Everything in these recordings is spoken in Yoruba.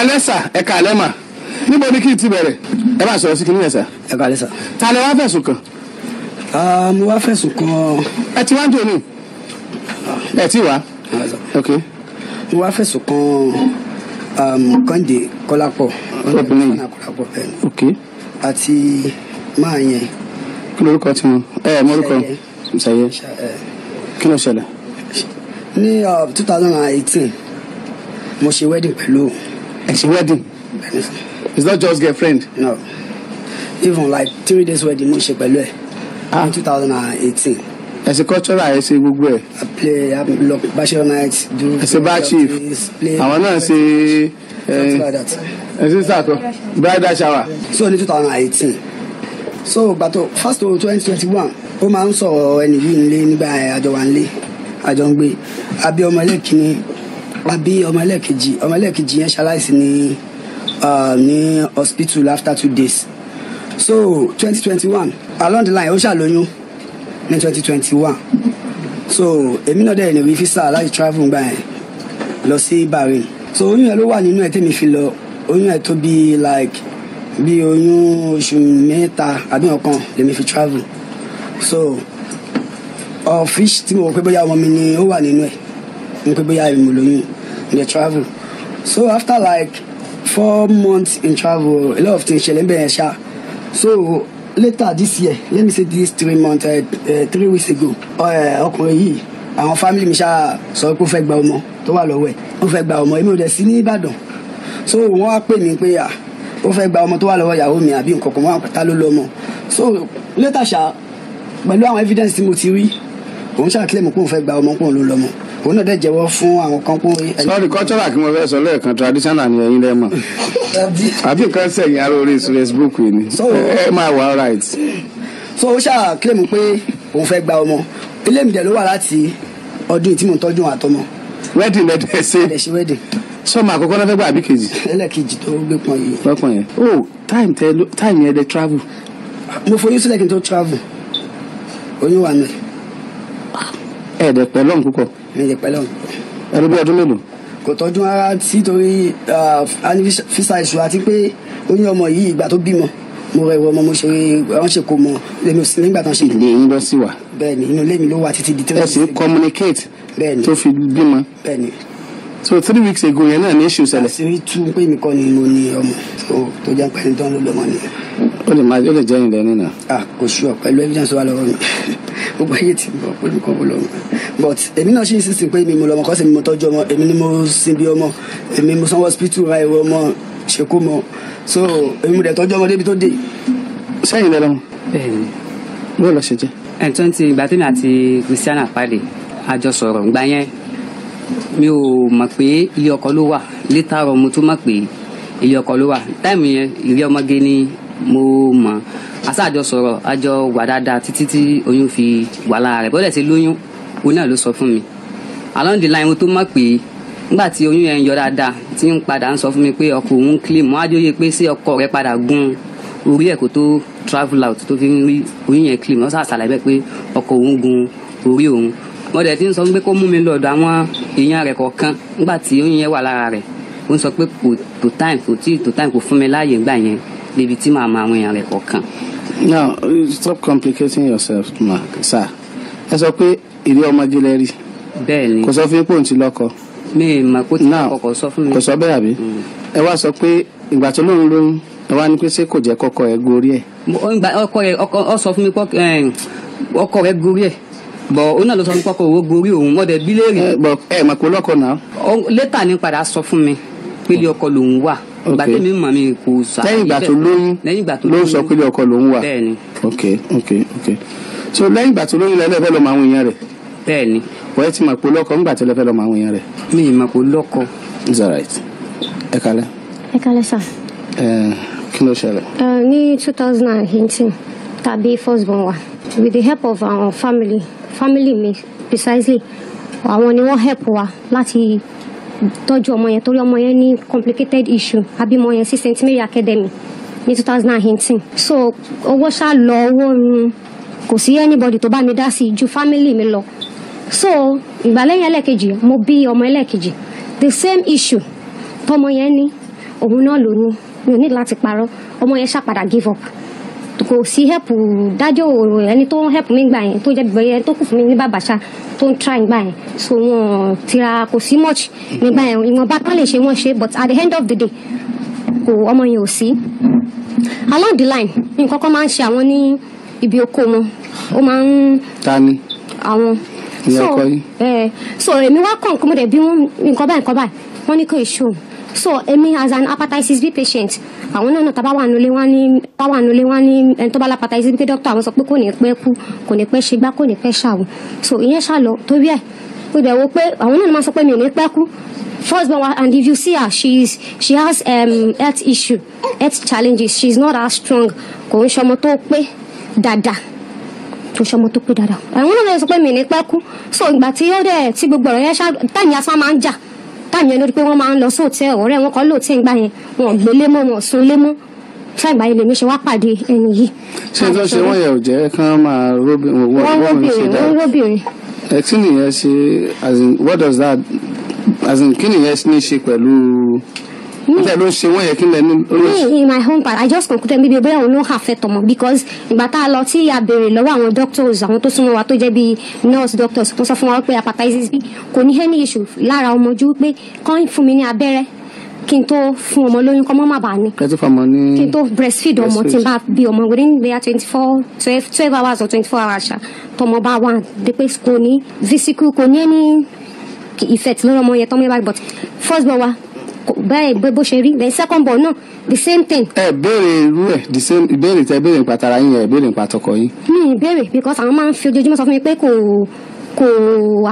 alẹ́ sà ẹ ká alẹ́ mà níbo ni kí n ti bẹ̀rẹ̀ ẹ bá sọ̀rọ̀ sí kinní yẹn sà. ẹ ká alẹ́ sà. ta lẹ wá fẹ̀sùn kàn. mo wá fẹ̀sùn kàn. ẹ ti wá ń tòní ẹ ti wá. mo wá fẹ̀sùn kàn Kẹ́hìndé Kọ́lápọ̀ ọ̀nà Kọ́lápọ̀ bẹ́ẹ̀ àti máa yẹn. kí lorúkọ tí wọn ẹ ẹ mọrúkọ ṣayẹ kí ló ṣẹlẹ̀. ní uh, two thousand and eighteen mo ṣe wedding pẹ̀lú. It's she wedding. it's not just girlfriend. no even like three days wedding mo ṣe pẹ̀lú ẹ̀ ah. in two thousand cultural ẹ ṣe gbogbo ẹ. i play i lọ bachelor night do. Eh, ẹ ṣe bar chief àwọn náà ṣe ẹ ṣe sàtọ bridal shower. so ní 2018. so gbàtọ first of twenty twenty one ó máa ń sọ̀rọ̀ ẹnì yìí nílé nígbà àjọ wa nílé àjọ ń gbé abẹ́ ọmọ ilé kìíní wá bí ọmọ ẹlẹ́ẹ̀kejì ọmọ ẹlẹ́ẹ̀kejì yẹn ṣaláìsí ní ah, ní hospital after two days so twenty twenty one along the line ó ṣàlóyún ní twenty twenty one so èmi náà dẹ̀ ìnáwó fisa láti travel gbà yẹn lọ sí Bahrain so oyún yẹn ló wà nínú ẹ̀ tèmi fi lọ oyún yẹn tó bí like bí oyún oṣù mẹ́ta àbí ọ̀kan lèmi fi travel so ọ̀fíìsì tí mo wọ pé bóyá ọmọ mi ni ó wà nínú ẹ̀ n pé bóyá mo lóyún dey travel so after like four months in travel a lot of things ṣẹlẹ̀ bẹ́ẹ̀ ṣá so later this year let me say this three months uh, uh, three weeks ago eh, ọkùnrin yìí àwọn family mi ṣá sọ pé ó fẹ́ gba ọmọ tó wà lọ́wọ́ ẹ̀ ó fẹ́ gba ọmọ èmi ò dẹ̀ sí ní Ìbàdàn so wọ́n wá pè mí pé à ó fẹ́ gba ọmọ tó wà lọ́wọ́ ìyàwó mi àbí nǹkan kan wọn àpẹta ló lọ́mọ so later ṣá pẹ̀lú àwọn evidence tí mo ti rí òun ṣàkílẹ̀ mọ́ pé òun fẹ́ gba ọmọ pọ̀ ló lọ́mọ òun náà dẹ̀ jẹ́wọ́ fún àwọn kan pé. sọ́ọ́rì cultural kí mo fẹ́ sọ lẹ́ẹ̀kan traditional ni ẹ̀yin lẹ́mọ̀ àbí nǹkan sẹ̀yìn aró orí facebook yìí ni ẹ máa wà right. so ó ṣáà kílèmù pé òun fẹ́ gba ọmọ ilé mi dẹ̀ ló wà láti ọdún tí mò ń tọ́jú àtọmọ. wedding lẹ́dẹ̀ ṣe. lẹ́dẹ̀ ṣe wedding sọmọ àkọ́kọ́ náà fẹ́ gbà àbí kejì. ẹlẹ́kejì tó gbé pọn yìí. pọ́pọ́n yẹn o oh, time tẹ time yẹn dẹ travel. mo foyún sílẹ̀ kí n tó travel oyún wà náà. ẹ̀ẹ́dẹ̀ pẹ̀lọ́n púpọ̀ ní ìjẹpẹ́ lọ́hùn. ẹni bí ọdún mélòó. kò tọ́jú ara sítorí ah, fisa ìṣù àti pé ó ní ọmọ yìí ìgbà tó bímọ mo rẹ ìwọ ọmọ mo ṣe wọn ṣe kò mọ lèmi ò sí nígbà tó ń ṣe. ilé yín lọ sí wa. bẹ́ẹ̀ni inú ilé ló wà títí di tẹlifíṣàn. ẹ sì communicate. bẹ́ẹ̀ni tó fi bímọ. bẹ́ẹ̀ni so three weeks ago yẹn náà ní issue ṣẹlẹ̀. àṣírí tú pé mi kọ́ ni mo ní ọmọ so tó jẹ́ pẹ́ni tó ń lò lọ́mọ nìyẹn. ó lè máa ó lè jẹ́ ìlẹ̀ nínà. a kò sú ọ pẹ̀lú evidence wa lọ́wọ́ mi gbogbo ayé ti bọ̀ pé mi kọ́ mo lọ́mọ but èmi náà ṣì ń sísìn pé mi mo lọ́mọ kọ́sẹ̀ mi mo tọ́jú ọmọ èmi ni mo sin bí ọmọ èmi mo sanwó hospital ra ìwé ọmọ ṣekú mọ so èmi mo dẹ̀ tọ́jú ọmọ débi tó dé. sẹ́yìn lẹ́nu bẹ́ẹ̀ni bó lọ ṣe jẹ́. ẹ̀ tó ń ti ìgbà mi ò mọ̀ pé ilé ọkọ ló wà létà rọ mo tún mọ̀ pé ilé ọkọ ló wà táìmù yẹn ìrí ọmọge ni mo mọ̀ asáàjọ sọ̀rọ̀ àjọ wà dáadáa títí tí oyún fi wà lára rẹ̀ bọ́dẹ̀ sí lóyún òun náà ló sọ fún mi along the line mo tó mọ̀ pé nígbà tí oyún yẹn ń yọ dáadáa tí ń padà ń sọ fún mi pé ọkọ òun claim mọ́ àjọyé pé sí ọkọ rẹ̀ padà gun orí ẹ̀ kó tó travel out tó fi ń rí oyún yẹn claim wọ́n sàṣàlàyé pé ọkọ òun gun orí òun wọ́n dẹ̀ ti ń sọ pé kó mú mi lọ́dọ̀ àwọn èèyàn rẹ̀ kọ̀ọ̀kan nígbà tí ó yẹn wà lára rẹ̀ ó ń sọ pé kò time kò tí tó time kò fún mi láàyè gbà yẹn níbi tí màá máa rẹ̀ kọ̀ọ̀kan. stop complicating yourself ma sir ẹ sọ pé lẹ rí kò sọ fún ntí mi mà kó sọ fún mi. kò sọ bẹ́ẹ̀ àbí mm. ẹ wá sọ pé ìgbà tó ọkọ rẹ ọ sọ eh, ọkọ rẹ bọ̀ ó náà ló sọ nípa ọkọ̀ owó gorí òun wọ́n dẹ̀ bí léèrè. Eh, bọ̀ ẹ eh, mà kó lọ́kọ̀ náà. létà ní padà sọ fún mi pé ilé ọkọ lòun wà ìgbà tí mi mọ̀ mi kò sà. lẹ́yìn ìgbà tó lóyún lẹ́yìn ìgbà tó lóyún ló sọ pé ọkọ lòun wà. bẹ́ẹ̀ni. ok ok ok so lẹ́yìn ìgbà tó lóyún lẹ́lẹ́ fẹ́ lọ mọ àwọn èèyàn rẹ̀. bẹ́ẹ̀ni. wọ́n ti mọ̀ pé lọ́kọ ńgbà tó alright ẹ kalẹ̀. ẹ kalẹ̀ sà. ẹ eh, kí ló ṣẹlẹ̀. ní two thousand and eighteen tàbí first born wa with the help of our family family mi precisely àwọn ni wọ́n help wa láti tọ́jú ọmọ yẹn torí ọmọ yẹn ní complicated issue abímọ yẹn sí St Mary Academy ní two thousand and eighteen so owó ṣá lọ owó run kò sí anybody tó bá mi dá sí ju family mi lọ so ìgbàlẹ́yìn ẹlẹ́kejì mo bí ọmọ ẹlẹ́kejì the same issue tọmọ yẹn ní òun náà ló ní mi ò ní láti parọ́ ọmọ yẹn ṣá give up kò sí hẹ́pù dájọ́ ẹni tó ń hẹ́pù mi gbà yẹn tó jẹ́ gbẹ̀yẹ tó kù fún mi ní bàbàṣà tó ń try gbà yẹn so wọn tira kò sí much nígbà yẹn ìwọ̀nba kan lè ṣe wọ́n ṣe but at the end of the day kò ọmọ yẹn ò sí along the line nǹkan kan máa ń ṣe àwọn ní ibi oko wọn ó máa ń. ta ni. àwọn so ẹ eh, so èmi wá kàn kó mo dẹ̀ bí nǹkan báyìí nǹkan báyìí wọ́n ní kò ìṣó so èmi as an hepatitis b patient àwọn náà tábà wà nulẹ̀ wọ́n ní tábà nulẹ̀ wọ́n ní ẹni tó bá hepatitis b pé dókítà àwọn sọ pé kò ní pẹ́ kú kò ní pẹ́ ṣe gbá kò ní pẹ́ ṣàwò so ìyẹn ṣàlọ tó bí ẹ̀ ó dẹ̀ wo pé àwọn náà máa sọ pé mi ò ní pẹ́ kú first born and if you see her she is she has um, health issue health challenges she is not as strong kò ń ṣọmọ tó pé Dada. kò ṣọmọ tó pé dáadáa àwọn náà sọ pé mi ní pẹ́ kú so ìgbà tí ó dẹ̀ tí gbogbo ọ̀rọ̀ yẹn ṣáà táyì asán máa ń jà táàmì yẹn lórí pé wọ́n máa ń lọ sóòtẹ́ ọ̀rẹ́ wọn kọ́ lóòtẹ́ ìgbà yẹn wọn ò gbélé mọ́ wọn ò sùn lé mọ́ fẹ́gbà yìí lèmi ṣe wá pàdé ẹni yìí. ṣé nǹkan ṣe wọ́n yẹ ò jẹ́ kí wọ́n máa róbìnrin wọ́n róbìnrin. ẹ kí nìyẹn ṣe kí nìyẹn ní ṣe pẹ̀lú. Hmm. me in my home part i just concluded maybe bóyá òun ló ń affect ọmọ because ìgbà tá a lọ tí a béèrè lọ́wọ́ àwọn doctors àwọn tó súnmọ́ wa tó jẹ́ bíi nurse doctors wọ́n sọ fún wa pé hepatitis b kò ní any issue lára ọmọ ju pé kán fún mi ní abẹ́rẹ́ kí n tó fún ọmọ lóyún kọ́ mọ́ má bàa ní. kí n tó breastfeed ọmọ tí n bá bí ọmọ within twenty four twelve twelve hours or twenty four hours ṣá tọmọ bá wà dé pé kò ní vesicle kò ní any effect lórí ọmọ yẹn tọmọ yẹn bá gbọ́t first born wa báyìí bó ṣe rí the second born náà the same thing. ẹ béèrè irú ẹ the same ìbéèrè tẹ béèrè nípa tara yín ẹ béèrè nípa tọkọ yín. mi ì because àwọn máa ń fi ojoojúmọ́ sọ fún mi pé kò kò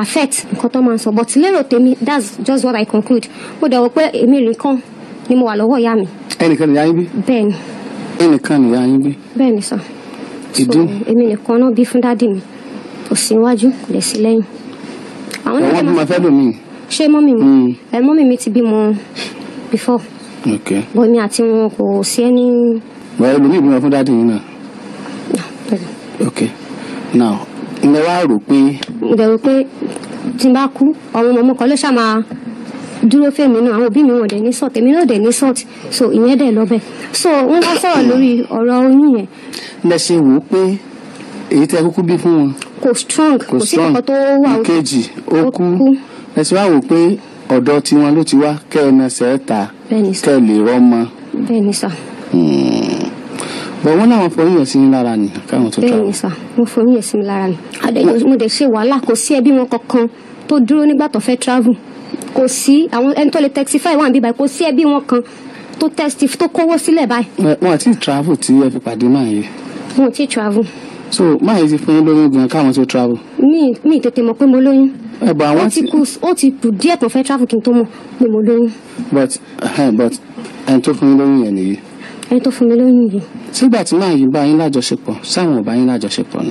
affect nǹkan tó máa ń sọ but lérò tèmi that's just what I conclude mo dẹ̀ wò pé èmi nìkan ni mo wà lọ́wọ́ ìyá mi. ẹnìkan nìyá yín bí. bẹ́ẹ̀ni. ẹnìkan nìyá yín bí. bẹ́ẹ̀ni sọ. ìdún. so èmi nìkan náà bí fún dáàdì mi kò sí iwájú kò dẹ̀ sí lẹ́yìn. àwọn náà ṣé mọ́mì mi hmm. ẹ mọ́mì mi ti bímọ before bọ́ mi àti wọn kò sí ẹni. wọ́n ẹ lómi ìbímọ fún dáàdì yín náà. Ah, ok now ǹlẹ́ wàá rò pé. ǹlẹ́ rò pé tí n bá kú ọmọ mọ̀mọ́ kan ló ṣáà máa dúró fèmí náà àwọn òbí mi wọn dẹ̀ ní sọ̀tẹ̀ mi náà dẹ̀ ní sọ̀tẹ̀ so ìyẹn dẹ̀ lọ bẹ́ẹ̀ so wọ́n wá sọ̀rọ̀ lórí ọ̀rọ̀ oyún yẹn. lẹ ṣe wò ó pé èyí tẹ kúkú bí fún wọn. kò strong kò sí kankan tó wà ó kú ẹ sì wá wò pé ọ̀dọ̀ tiwọn ló ti wá kẹ́ ẹ nẹsẹ̀ ẹ̀ ta kẹ́ ẹ lè rọ́mọ. bẹ́ẹ̀ni sà. Hmm. bọ̀ wọ́n láwọn fọyín yẹ̀ sí mi lára ni káwọn tó tọ́. bẹ́ẹ̀ni sà mo fọyín yẹ̀ sí mi lára ni mo dẹ̀ ṣe wàhálà kò sí ẹbí wọn kankan tó dúró nígbà tó fẹ́ travel kò sí àwọn ẹni tó lè testify wà níbí báyìí kò sí ẹbí wọn kan tó testify tó kówó sílẹ̀ báyìí. wọn àti travel tí ẹ fi pàdé náà yìí. wọn ò tí travel so máa yẹ ti fún yín lóyún gan káwọn tó travel. mi mi tètè mọ̀ pé mo lóyún. ẹ bọ àwọn ti ó ti kù díẹ̀ tó fẹ́ travel kí n tó mọ̀ pé mo lóyún. but uh, but ẹni tó fún yín lóyún yẹn nìyí ẹni tó fún mi lóyún yìí. sígbà tí màá yìí bá yín lájọṣepọ̀ sáwọn ò yín lájọṣepọ̀ ni.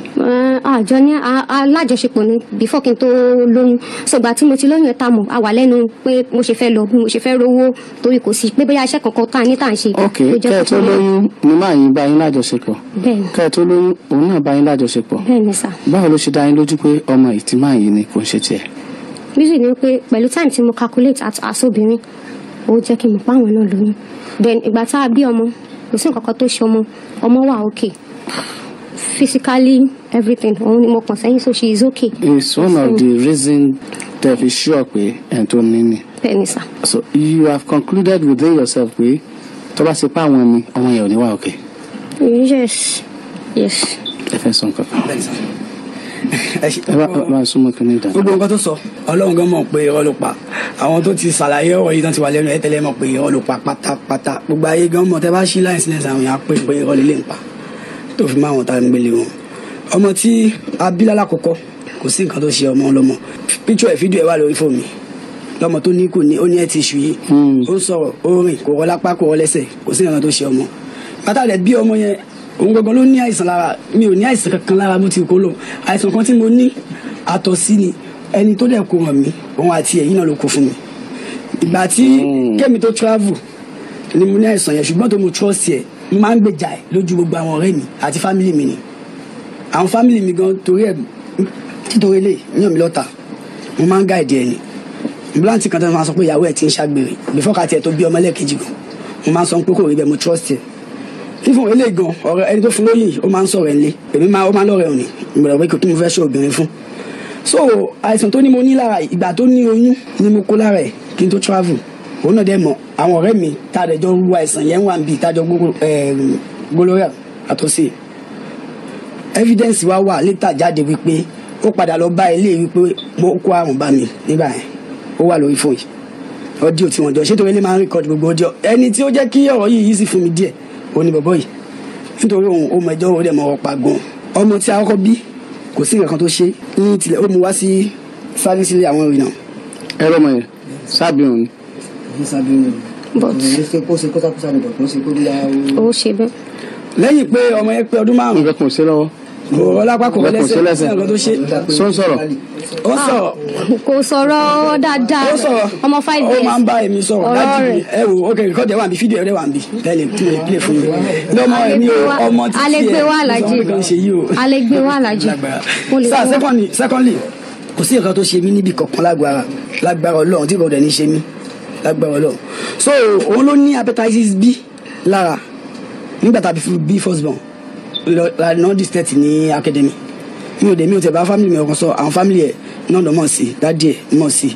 àjọ ní alájọṣepọ̀ ni before kí n tó lóyún ṣùgbọ́n tí mo ti lóyún ẹ̀ ta mọ̀ a wà lẹ́nu pé mo ṣe fẹ́ lọ bí mo ṣe fẹ́ rówó torí kò sí pé bóyá iṣẹ́ kankan tá a ní tá à ṣe. ok kẹ́ tó lóyún ni màá yìí bá yín lájọṣepọ̀. bẹ́ẹ̀ni kẹ́ tó lóyún òun náà bá yín lájọṣepọ̀. bẹ́ẹ̀ni ni kò ń ṣe ni pé pẹ̀lú time tí mo calculate as obìnrin ó kò sí nǹkan tó ṣe ọmọ ọmọ wà okay physically everything òun ni mo kàn sẹ́yìn so she is okay. it's one of the reasons that fi sure pé ẹ̀ tó ní ni. bẹ́ẹ̀ni sá. so you have concluded within yourself pé tó bá ṣe pa àwọn ni ọmọ yẹn ò ní wà okay. yes yes. ẹ fẹ́ sọ nǹkan kan ẹ bá súnmọ́ kí ni dà. gbogbo nǹkan tó sọ ọlọ́run gan mọ̀ pé irọ́ ló pa àwọn tó ti ṣàlàyé ọ̀rọ̀ yìí tán ti wà lẹ́nu ẹ̀ tẹ́lẹ̀ mọ̀ pé irọ́ ló pa pátápátá gbogbo ayé gan mọ̀ tẹ́ bá ṣí láì sílẹ̀ sàwọn yàn á pè pé irọ́ lílé ń pa tó fi máa wọn ta gbélé wọn. ọmọ tí abílá lákòókò kò sí nǹkan tó ṣe ọmọ ọlọ́mọ picture ẹ̀ fídíò ẹ̀ wà lórí fóònù lọmọ tó ní kò ní ó ní ẹ ti ṣù yìí hmm. ó ń sọ̀rọ̀ ó rìn kò rọ kò rọ kò sí nǹkan tó ṣe ọmọ pátá rẹ bí ọmọ yẹn òun gangan ló ní àìsàn lára mi ò ní àìsàn kankan lára bó ti kó lọ àìsàn kan tí mo ní àtọ̀sí ni ẹni tó dẹ̀ kó ràn mí òun àti èyí náà ló kó fún mi ìgbà tí hmm. kẹ́mi tó travel ni mo ní àìsàn yẹn ṣùgbọ́n tó mo trust yẹ mo máa ń gbèjà ẹ lójú gbogbo àwọn ọ̀rẹ́ mi àti family mi ni àwọn family mi gan torí ẹ títorí lè yàn mí lọ́ta mo máa ń guide ẹ ni blanty kan tó máa sọ pé ìyàwó ẹ ti ń ṣàgbèrè before ká tiẹ̀ tó bí ọmọ lẹ́ẹ̀kejì gan mo máa sọ pé kò rí bẹ́ẹ̀ mo trust yẹ fífún ilé gan ọ̀rẹ́ ẹni tó fún lóyè ó máa ń sọ̀rọ̀ ẹ̀lẹ́ èmi máa ó máa lọ́rẹ̀ òní ìgbàlọ́ pé kí mo fẹ́ ṣe obìnrin fún so àìsàn tó ní mo ní lára ìgbà tó ní oyún ni mo kó lára ẹ̀ kí n tó travel òun náà dẹ̀ mọ̀ àwọn ọ̀rẹ́ mi tá a dẹ̀ jọ ru àìsàn yẹn wà ń bì tá a jọ gbólóyà àtọ́sí evidence wa wà létà jáde wípé ó padà lọ bá ilé wípé mo kó àrùn bá mi nígbà yẹn ó wà lórí fóònù ọdí ò tí wọn jọ ṣé torí ilé máa ń rìkọ́dù gbogbo ọjọ́ ẹni tí ó jẹ́ kí ọ̀rọ̀ yìí yìí sì fún mi díẹ̀ òní bọ̀bọ̀ yìí nítorí òun ó mọ ẹjọ́ òun dẹ̀ mọ ọ̀pá gan ọmọ tí a kọ́kọ́ bí kò sí nǹkan kan tó ṣe ní tilẹ̀ ó mu wá sí sáfíìsì ilé àwọn èèyàn. ẹ lọ́mọ yẹn sábì òun ni. sábì òun ni but ó ṣe bẹ́ẹ̀. lẹ́yìn pé ọmọ yẹn pé ọdún márùn-ún. nǹkan kan ò ṣe lọ́wọ́ ọlápá kò lẹ́sẹ̀ ọ̀rọ̀ So, ṣe. sọ ń sọ̀rọ̀. ó sọ̀rọ̀. kò sọ̀rọ̀ dáadáa. ó sọ̀rọ̀ ọmọ five days. ó máa ń bá èmi sọ̀rọ̀ dájú mi ẹ wo ok rìkọ́dì ẹ wà níbi fídíò ẹ wà níbi tẹ́lẹ̀ tí mo play fún mi. lọ́mọ ẹ ní ọmọ tí tiẹ̀ alegbe wà lájì alegbe wà lájì. sá secondly secondly kò sí nǹkan tó ṣe mí níbi kọ̀ọ̀kan lágbára lágbára ọlọ́run tí kò dẹ̀ ní ṣe mí lágbára ọlọ́run so òun ló ní hepatitis B lára nígbà tá a bí first born lọ di state ní academy mi ò dé mi ò tẹ̀ bá family mi ọkàn sọ àwọn family ẹ̀ náà lọ́ mọ̀ sí dáàdì ẹ̀ mọ̀ sí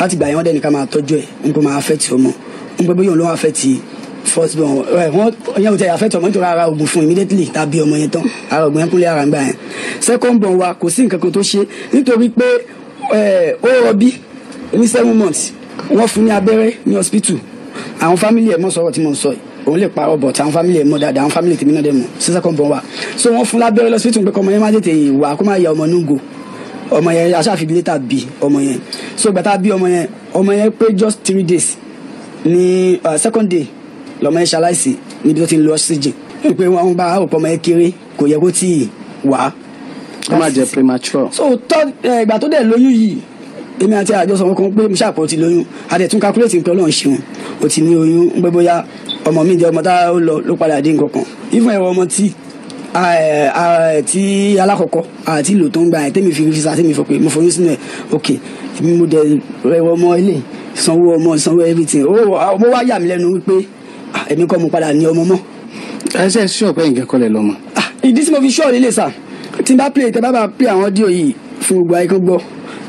láti gbà yẹn wọ́n dẹ́ni ká máa tọ́jú ẹ̀ n kò máa affect ọmọ n pẹ́ bóyá òun ló wà affect first born ẹ̀ wọ́n yẹn ò tẹ̀ affect ọmọ nítorí ara oògùn fún immediately tàbí ọmọ yẹn tán ara oògùn yẹn kúnlẹ̀ ara ń gbà yẹn second born wa kò sí nǹkan kan tó ṣe nítorí pé ó rọbí ní seven months wọ́n fún ní abẹ́rẹ́ ní hospital àwọn family ẹ̀ mọ̀ sọ̀rọ̀ tí mo ń sọ yìí o lè parọ́ bọ̀ tí àwọn family ẹ̀ mọ̀ dáadáa àwọn family tèmi náà dẹ̀ mọ̀ sísẹ́ kan bọ̀ wá so wọ́n fún lábẹ́rẹ́ lọ́sibítù pé kọ́mọ yẹn má tètè wà kó má ya ọmọ núgo ọmọ yẹn aṣáfìdí létà bí ọmọ yẹn so gbàtà bí ọmọ yẹn ọmọ yẹn pé just three days ní uh, second day lọmọ yẹn ṣaláìsí níbi tó ti ń lo oxygen pé wọn bá òpó ọmọ yẹn kéré kò yẹ kó tí wá. ó má jẹ premature. so eh, ìgbà tó dẹ̀ lóyún yìí èmi àti àjọsọ wọn kan pé mo ṣàpọ̀ ti lóyún àdẹ̀tún calculate nǹkan ọlọ́run ṣeun o ti ní oyún ń pé bóyá ọmọ mi jẹ́ ọmọ tá ó lọ ló padà dé nǹkan kan ìfún ẹ̀rọ ọmọ tí tí alákọ̀ọ́kọ́ àti ìlò tó ń gba ẹ̀ tẹ́mi fi fi sa tẹ́mi fọ pé mo fọyín sínú ẹ̀ ok mo dẹ̀ ẹ̀rọ ọmọ ilé sanwó ọmọ sanwó everything ó wá yà mí lẹ́nu wípé èmi kọ́ mo padà ní ọmọ mọ́. ẹsẹ̀ ṣọ́ọ̀pẹ́ nǹkan kọ́lẹ̀ lọ́mọ. ìdí tí mo fi ṣọ́ọ̀lì lè sà tí n bá play tẹ bá bá play àwọn díò yìí fún gbogbo ayé kan gbọ́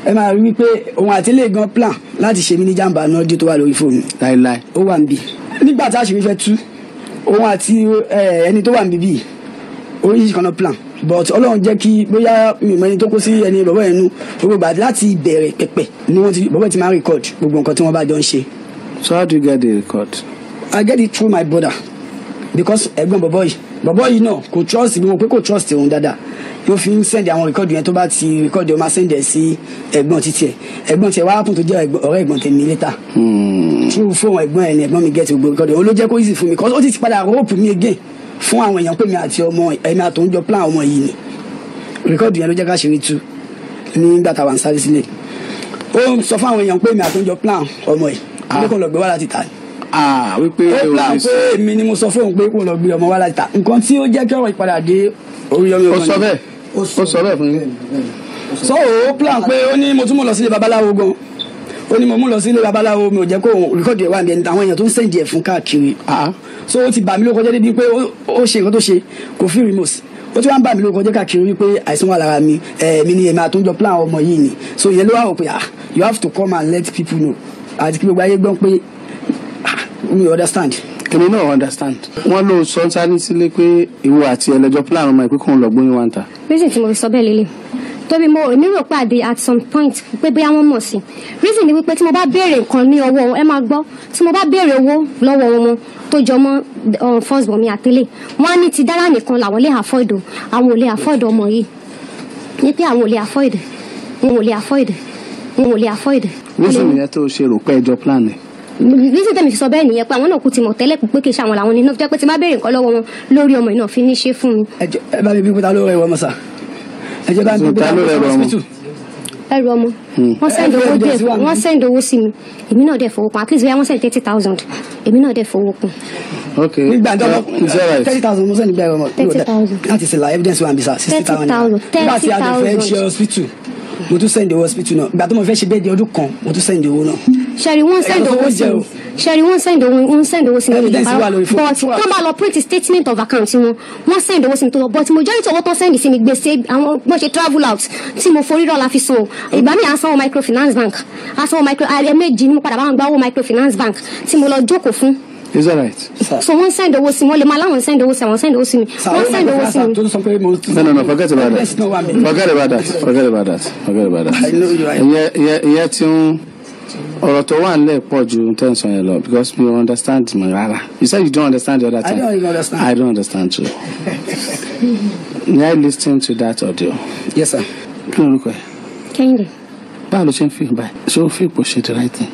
ẹ máa rí wípé òun àti ilé gan plan láti ṣe mí ní jàǹbá náà dé tó wà lórí fóònù. láìláì. ó wà níbí nígbà tá a ṣe fífẹ́ tú òun àti ẹni tó wà níbí oríṣiríṣi kan náà plan but ọlọ́run jẹ́ kí bóyá mímọ ẹni tó kó sí ẹni bọ̀bọ̀ ẹnu gbogbo ìgbà láti ìbẹ̀rẹ̀ pẹ̀pẹ̀ ni wọ́n ti bọ̀bọ̀ ti máa ń record gbogbo nǹkan tí wọ́n bá jọ ń ṣe. so how do you get the record. I get it through my brother because ẹ̀gbọ́n bọ̀bọ̀ yìí bọ̀bọ̀ yìí náà kò trust mi wọn pé kò trust òun dáadáa yóò fi ń sẹ́ndì àwọn rìkọ́dù yẹn tó bá ti rìkọ́dù yẹn máa sẹ́ndì ẹ̀ sí ẹ̀gbọ́n títí ẹ̀ ẹ̀gbọ́n tiẹ̀ wá pùn tó jẹ́ ọ̀rẹ́ ẹ̀gbọ́n tèmi létà. true fóun ẹ̀gbọ́n ẹ̀ ni ẹ̀gbọ́n mi get gbogbo rìkọ́dù yẹn ó ló jẹ́ kó easy fún mi cause ó ti padà rope mi again fún àwọn èèyàn pé mi àti ọmọ ẹ̀mi àtòúnjọ plan ọmọ yìí ni rìkọ́dù yẹn ló jẹ́ ká ṣe rí tu nígbà táwa ń sáré sílẹ̀ ó sọ fún àwọn èèyàn pé plan ọmọ yìí ilé kan lọ gbé wá láti tà ní ah, ah, wípé ó plan pé èmi ni mo sọ fóun pé kó lọ gbé ọmọ wá láti tà nǹkan tí ó jẹ́ kí ọ̀rọ̀ ó sọ bẹ́ẹ̀ fún yín. sọ o plan pé ó ní mo tún mọ̀ lọ sílé babaláwo gan ó ní mo mú lọ sílé babaláwo mi ò jẹ́ kó rìkọ́dì ẹ̀ wá mi ẹni táwọn èèyàn tó ń sẹ́ǹdì ẹ̀ fún káàkiri so ó ti bà mí ló kọjá débi pé ó ṣe nǹkan tó ṣe kò fi remote ó ti wá ń bà mí ló kọjá káàkiri wípé àìsàn wà lára mi ẹ̀ẹ̀mí ni èmi àtúnjọ plan ọmọ yìí ni so ìyẹn ló wà ó pé ah you have to come and let people know àti kí gbogbo ayé gbọ́n pé ah mi understand kìnìún náà understand. wọ́n ló sọ sáré sílé pé ìwọ àti ẹlẹ́jọ́ plan ọmọ ìpín kan lọ́gbọ́n yín wá ń ta. reason tí mo sọ bẹ́ẹ̀ lélẹ̀ torí mo èmi rò pàdé at some point pé bóyá wọ́n mọ̀ sí reason ni wípé tí mo bá béèrè nǹkan ní ọwọ́ wọn ẹ máa gbọ́ tí mo bá béèrè owó lọ́wọ́ wọn tó jọ mọ́ um, first born mi àtẹlẹ wọn á ní ti dára nìkan làwọn lè afford o àwọn ò lè afford ọmọ yìí ní pé àwọn ò lè afford wọn ò lè afford wọn ò lè afford. reason nìyẹn tó ṣe rò pé ẹjọ́ plan ni reason tẹ̀mí fi sọ bẹ́ẹ̀ nìyẹn pé àwọn náà kú ti mọ̀ tẹ́lẹ̀ pé kì í ṣe àwọn làwọn ni náà fi jẹ́ pé tí má béèrè nǹkan lọ́wọ́ wọn lórí ọmọ iná fi ní ṣe fún mi. ẹ jẹ ẹ bá mi bí pété alóore wọn mọ̀sá ẹ jẹ bá mi bí pété alóore wọn mọ̀sá ẹrù ọmọ hmm. wọn send owó díẹ̀ wọn send owó sí mi èmi náà dẹ̀ fowó kún at wọn send thirty thousand èmi náà dẹ̀ fowó kún. ok nígbà tó lọ thirty thousand mo send nígbà ẹ̀rọ mọ̀ thirty thousand láti ṣe la evidence wa n bisa sixty thousand naira nígbà tí a ti fẹ́ ṣe hospital mo tún send owó hospital náà nígbà mo fẹ́ ṣe bẹ́ẹ̀ di ọdún kan mo tún send owó náà ṣẹ̀rí wọ́n send owó sí mi ṣẹ̀rí wọ́n send owó wọ́n send owó sí mi but tó bá lọ print statement of account wọn wọ́n send owó sí mi tó lọ but majority owó tó send sí mi gbèsè àwọn bó ṣe travel out tí mo forí rọ́ọ̀la fi san o ìgbà mi à ń sanwó microfinance bank à ń sanwó micro ẹ̀ẹ́mẹ́jì ni mo padà bá wọn gba owó microfinance bank tí mo lọ jókòó fún is that right. so wọn send owó sí mi wọn lè máa láwọn send owó sí àwọn send owó sí mi wọn send owó sí mi. no no no forget about that forget about that forget about that forget about that ìyẹn tí ń ọ̀rọ̀ tó wà nílẹ̀ pọ̀ ju n tẹ́ n sọ yẹn lọ because mi understand mi rárá you said you don't understand the other time I don't understand I don't understand too may I listen to that audio. yes sir. kí ló ń kọ ẹ. kẹ́hìndé. báwo ló ṣe ń fi báyìí ṣé o fi ipò ṣe the right thing.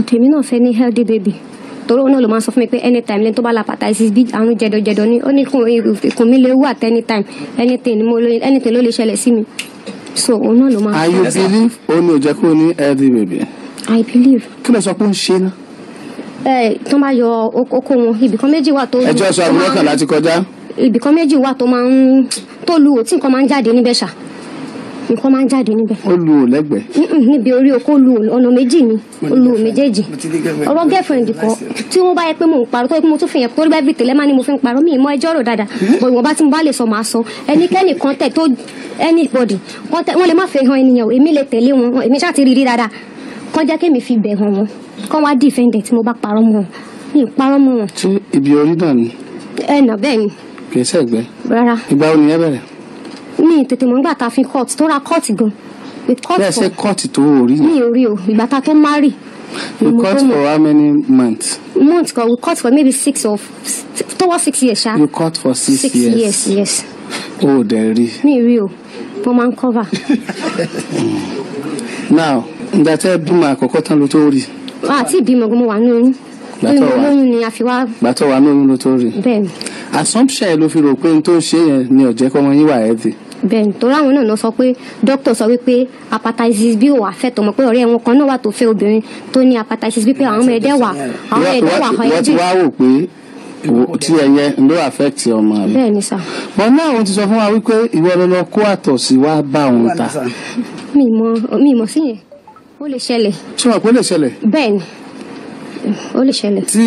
ọ̀tẹ̀ mi náà fẹ́ ní healthy baby torí òun náà ló máa sọ fún mi pé anytime lẹ́ni tó bá la hepatitis bí àrùn jẹ̀dọ̀jẹ̀dọ̀ ni ó ní ikùn mi lè wú at anytime anything ni mo lóyún anything ló lè ṣẹlẹ̀ sí mi so òun náà ló máa fà. I believe òun ni ò jẹ́ kó ní healthy baby. I believe. kí ló sọ pé ó ń ṣe náà. ẹ tó máa yọ oko wọn ibìkan méjì wà tó. ẹjọ́ sọ àbúrò kan láti kọjá. ibìkan méjì wà tó máa ń tó lu òtí nǹkan máa ń jáde níbẹ̀ ṣáà nǹkan máa ń jáde níbẹ̀. ó lu ò lẹ́gbẹ̀ẹ́. níbi orí oko lu ọ̀nà méjì ni ó lu méjèèjì. ọ̀rọ̀ girlfriend kọ́ tí wọ́n bá yẹ pé mo ń parọ́ tó yẹ pé mo tún fi yẹn torí bẹ́ẹ̀ tẹ́lẹ̀ máa ni mo fi ń parọ́ mi ìmọ̀ ẹjọ́ rò dáadáa hmm? bọ̀ ìwọ̀n bá tí mo bá lè sọ màá sọ ẹnikẹ́ni kan tẹ̀ tó anybody kan tẹ̀ wọ́n lè má fẹ́ han ènìyàn èmi lè tẹ̀lé wọn èmi ṣáà ti rí dáadáa kan jẹ́ kémi fi bẹ̀ hàn wọn kan wá dìfẹ́ǹdẹ̀ tí mo bá parọ́ mọ́ mi parọ́ mọ́ wọn. ṣé ibi orí náà ni. ẹ nà bẹ́ẹ̀ ni. kì í sẹ́gbẹ́. rárá. ìgbà wo ni ẹ bẹ̀rẹ̀ mi tètè mọ̀ nígbà tá a fi court tó ra court gan. bẹ́ẹ̀ ṣe court tó orí yẹn. mi ò rí o ìgbà tá a fẹ́ marry. We court for how many months. months kan we court for maybe six or towards six years ṣá. you court for six, six years. six years yes. Oh, ò dẹ̀ rí. mi rí o mo máa ń cover. now ìgbà tẹ́ bímọ àkọ́kọ́ tán ló tó rí. àti ìbímọ gan mo wà ní oyún lóyún ni a fi wá. gbàtọ̀ wà ní oyún ló tó rí. bẹ́ẹ̀ni. assumption ẹ ló fi rò pé n tó ṣe yẹn ni ọ̀jẹ̀ kọ́mọ yín wà ẹ́ dì bẹ́ẹ̀ torí àwọn náà sọ pé dókítà sọ wípé hepatitis B ò affect ọmọ pé ọ̀rẹ́ wọn kan náà wà tó fẹ́ obìnrin tó ní hepatitis B pé àwọn ọmọ ẹ̀dẹ̀ wà àwọn ẹ̀dẹ̀ wà ọ̀hún ẹ̀dẹ̀. wọ́n ti wá wò pé tí ẹyẹ ló affect ọmọ rẹ. bẹ́ẹ̀ ni sà. bọ́n náà wọ́n ti sọ fún wa wípé ìwọ ló lọ kó àtọ̀ sí wa bá òun ta. mi mọ sí yẹn ó lè ṣẹlẹ̀. ṣé wọn kò lè ṣẹlẹ̀. bẹ́ẹ̀ ni ó lè ṣẹlẹ̀. tí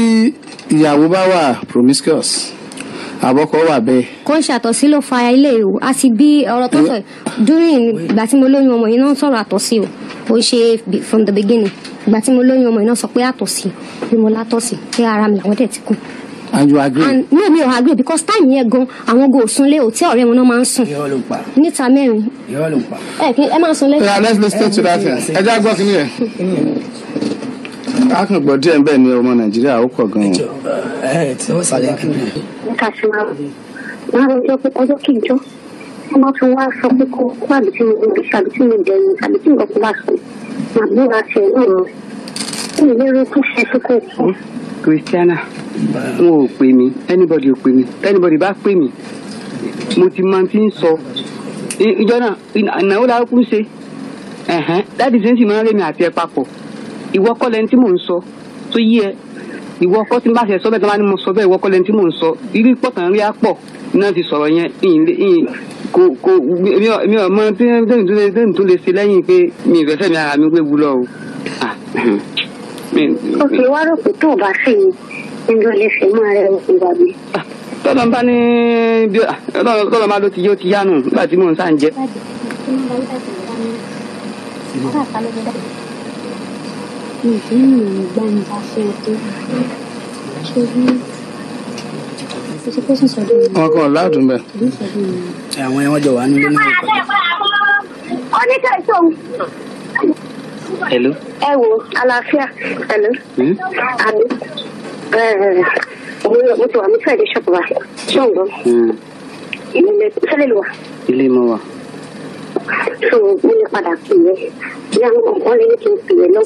ìyàwó bá wà promiscuous àbọ̀kọ wà bẹ́ẹ̀. kan ṣàtọ̀sí ló fa ilé o àti bí ọ̀rọ̀ tó sọ during ìgbà tí mo lóyún ọmọ yìí náà sọ̀rọ̀ àtọ̀sí o ó ṣe from the beginning ìgbà tí mo lóyún ọmọ yìí náà sọ pé àtọ̀sí bí mo látọ̀sí pé ara mi làwọn dẹ̀ ti and you agree. and no mi ò agree because time yẹn gan àwọn go sunlé òtí ọ̀rẹ́ wọn náà máa ń sùn. yọ ló pa. níta mẹ́rin. yọ ló pa. ẹ kí ẹ máa sunlé. ẹ let's listen to that akàngbọ̀ díẹ̀ bẹ́ẹ̀ ni ọmọ nàìjíríà ó pọ̀ gan-an. níta sí máa wọ́n lọ́jọ́ pé ọjọ́ kìjọ́ wọ́n bá tún wá sọ pé kó wà bí tí mo gbé tàbí tí mo dẹ̀yìn tàbí tí nǹkan kó bá bí wàá ìwọ kọ́ lẹni tí mò ń sọ tó yí ẹ ìwọ kọ́ tí n bá ṣe sọ bẹ́ẹ̀ tí wọ́n bá ní mo sọ bẹ́ẹ̀ ìwọ kọ́ lẹni tí mò ń sọ irú pọ̀tàn rí àpọ̀ náà ti sọ̀rọ̀ yẹn ìyìn kò kò mi ò mọ tẹ́yìn tó lè ṣe lẹ́yìn pé mi ìfẹ́ fẹ́ mi ara mi gbé wúlọ o. òkè ah, wá rò pé tó o bá fè mí ẹni lè fẹ́ máa rẹ òkè wá mi. Ah, tọ́lọ́ bá ní ah, tọ́lọ́ bá ló ti yó ti yánu nígbà tí mò ń sá ń jẹ ìdí nìyẹn gbangba fẹ́ dé ṣorí wọn kọ láàdùn bẹ. àwọn ẹwọn jọ wà nílé náà. oníkẹ́sọ̀ hello. ẹ wo àlàáfíà hello. Hmm? àbí mo ti wà ní friday shop wa ṣọ́ǹgbọ́n. Hmm. ilé sẹ́lẹ̀ ló wà. ilé mo wà. so mo lè padà pè é bí àwọn kọ̀ọ̀kan lè ní kí n pè é náà.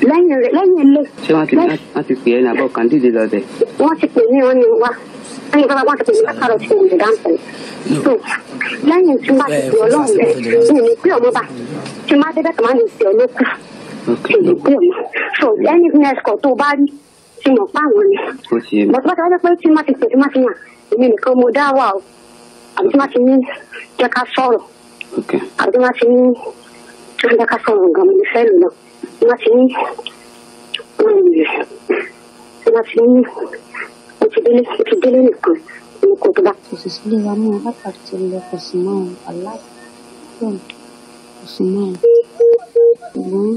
lẹ́yìn rẹ̀ lẹ́yìn ilé. ṣé wọ́n ti wọ́n ti pè é ní abọ́ kan dídì lọ́dẹ. wọ́n ti pè mí wọ́n ní wá lẹ́yìn bàbá wọ́n ti pè mí látàrọ̀ sí ìlú dáńtẹ̀. so lẹ́yìn tí wọ́n ti pè ọlọ́run rẹ̀ ní ní pé ọmọ bá tí má débẹ̀ kàmá ní pè ọlọ́kù tí ní pé ọmọ so lẹ́yìn ní ẹ̀sìkọ̀ tó bá rí tí mo pa àwọn ni. mo ti bá ti wáyé pé tí má ti pè tí má ti yàn èmi nìkan mo dá wà o àbí tí má ti ní очень, очень удивлены никуда. Ìṣèṣílẹ̀ wa náà látàtí ilẹ̀ kò sì mọ́ aláìpẹ́ kò sì mọ́ ṣùgbọ́n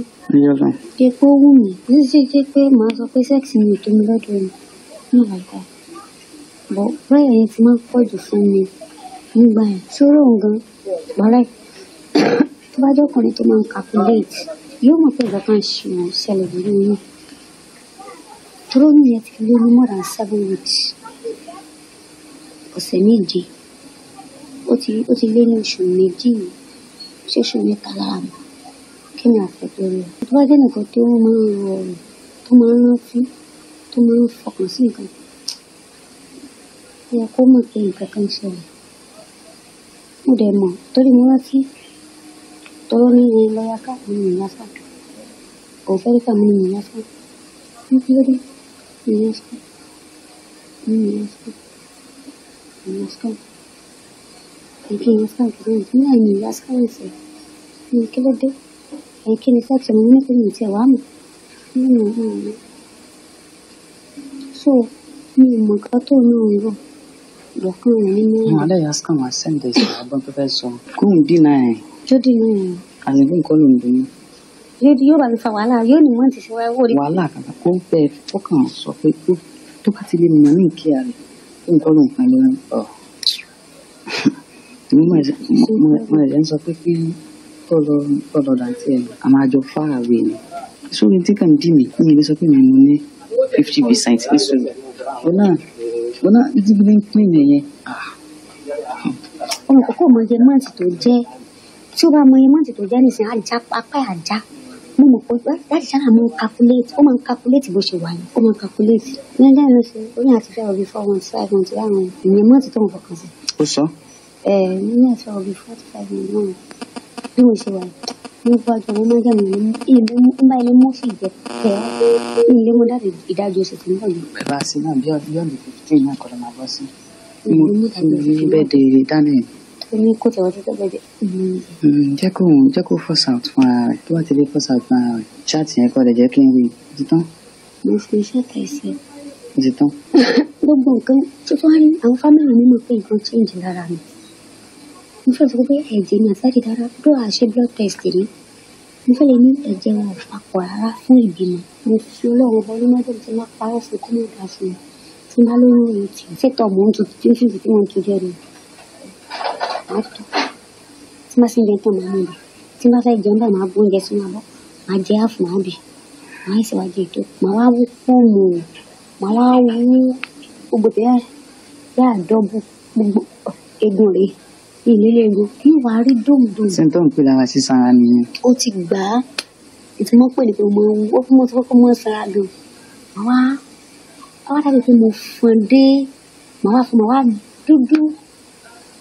jẹ́ pé ó wù mí ní ṣe jẹ́ pé màá sọ pé sẹ́ẹ̀sì mi tu tó mi lọ́dọ̀ ẹ̀ náà láìka bọ̀ báyà yẹn ti máa ń pọ̀ jù fún mi nígbà yẹn sóró nǹkan pàrẹ́ tó bá jọkùnrin tó máa ń calculate. E uma coisa que antes se alegria, tronete que deu namorar, sabe Você me diz, eu te lhe não me diz, se eu me é calar, que me afetou. Tu vai vendo é é assim, que eu tenho uma, uma, uma foco assim, cara. E como é que é que eu canso? Não demo, tô ligando aqui. Todo ni lo de acá, ni acá. Oferta, ni acá. No quiero, ni acá. Ni acá. Ni acá. Erkeğin insan kızın aynı yaz kalması. Ülke burada. Erkeğin insan kızın ne kadar bir şey var mı? Bilmiyorum. So, mi mă cătă nu eu. Dacă nu, nu. Nu, alea e asta, mă, sunt de zi, bă, pe pe zi. Cum bine ai? Jọ́dí náà ni. Àyẹ̀bí nǹkan ló ń dùn mí. Jọ́dí yóò bá mi fa wàhálà yóò ní wọ́n ti ṣe wáyé wòlé. Wàhálà kàkà kó bẹ ó kàn sọ pé tó bá ti lè mọ̀ ní ìkíyà rẹ̀ ó nǹkan ló ń pa lọ́wọ́. Ọ̀ mo ẹ̀jẹ̀ ń sọ pé kí tọ́lọ̀ dàntí ẹ̀ a máa jọ far away ni. Sórí tí kàn dì mí ní ilé sọ pé mi mo ní fifty percent ìṣòro. Bọ́lá Bọ́lá dídí bí ń pín ìyẹn. Ọmọ kókó mọ̀ jẹ́ mọ́ọ̀tì tó jẹ́ tí ó bá mọ iye mọ́tì tó jẹ́ nísìnyí àlìjá apá àjá mo mọ̀ pé láti ṣáà mo ń calculate ó máa ń calculate bó ṣe wà ní ó máa ń calculate ní ẹjẹ́ ìlú ṣe ó ní àti fẹ́ ọbí four one five one three àwọn ìyẹn mọ́tì tó ń fọkàn sí. ó sọ. ẹ ní ní àti fẹ́ ọbí forty five one one bí mo ṣe wà ní mo gbọ́dọ̀ mo máa ń jẹ́ mi ilé mo ń bá ilé mo sì jẹ tẹ ilé mo dáàbò ìdájọ́ ṣe ti ń bọ̀ ní. bàbá àti náà bí ọ̀nà fifteen náà ní kó tẹ̀wọ́ tó tẹ́gbẹ́ jẹ. jẹ́ kó jẹ́ kó fọ́ sàn fún ara rẹ̀ tó bá ti lè fọ́ sàn fún ara rẹ̀ ṣáàtì yẹn kọ́ lè jẹ́ kí n rí i ti tán. mo fi ṣáàtì ẹsẹ̀. ó ti tán. gbogbo nǹkan tuntun wá ní àwọn fámìlì mi mọ̀ pé nǹkan change lára mi. mo fẹ́ sọ pé ẹ̀jẹ̀ ni àtàdé dára tó a ṣe blood test rí. mo fẹ́ lè ní ẹ̀jẹ̀ wọn papọ̀ rárá fún ìbímọ. mo fi ọlọ́run bọ́ ní mọ́tò tí wọ́n parọ́ fún kó má dáa fún mi. tí n bá lóyún ìtì fẹ́tọ̀ ti wọ́n tún pàtó tí má sì ń jẹ tán máa mú bẹ tí má fẹ́ jẹun bẹ́ẹ̀ máa bó oúnjẹ sínú abọ́ máa jẹ áàfù máa bì máa ń ṣèwádìí ètò máa wá wú pọ́ọ̀mù máa wá wú gbogbo tẹ́ yá àdọ́bù gbogbo egun rèé ìlélẹ̀ egun kí wà á rí dòmùdòmù. ṣé n tó ń pè lára sí sanra nìyẹn. ó ti gbà á ìtumọ̀ pè ní pé mo ó fún mo ti kọ́kọ́ mọ́ sanra gan àwa àwa dàbí pé mo fọn dé màá wá fún màá wá dúdú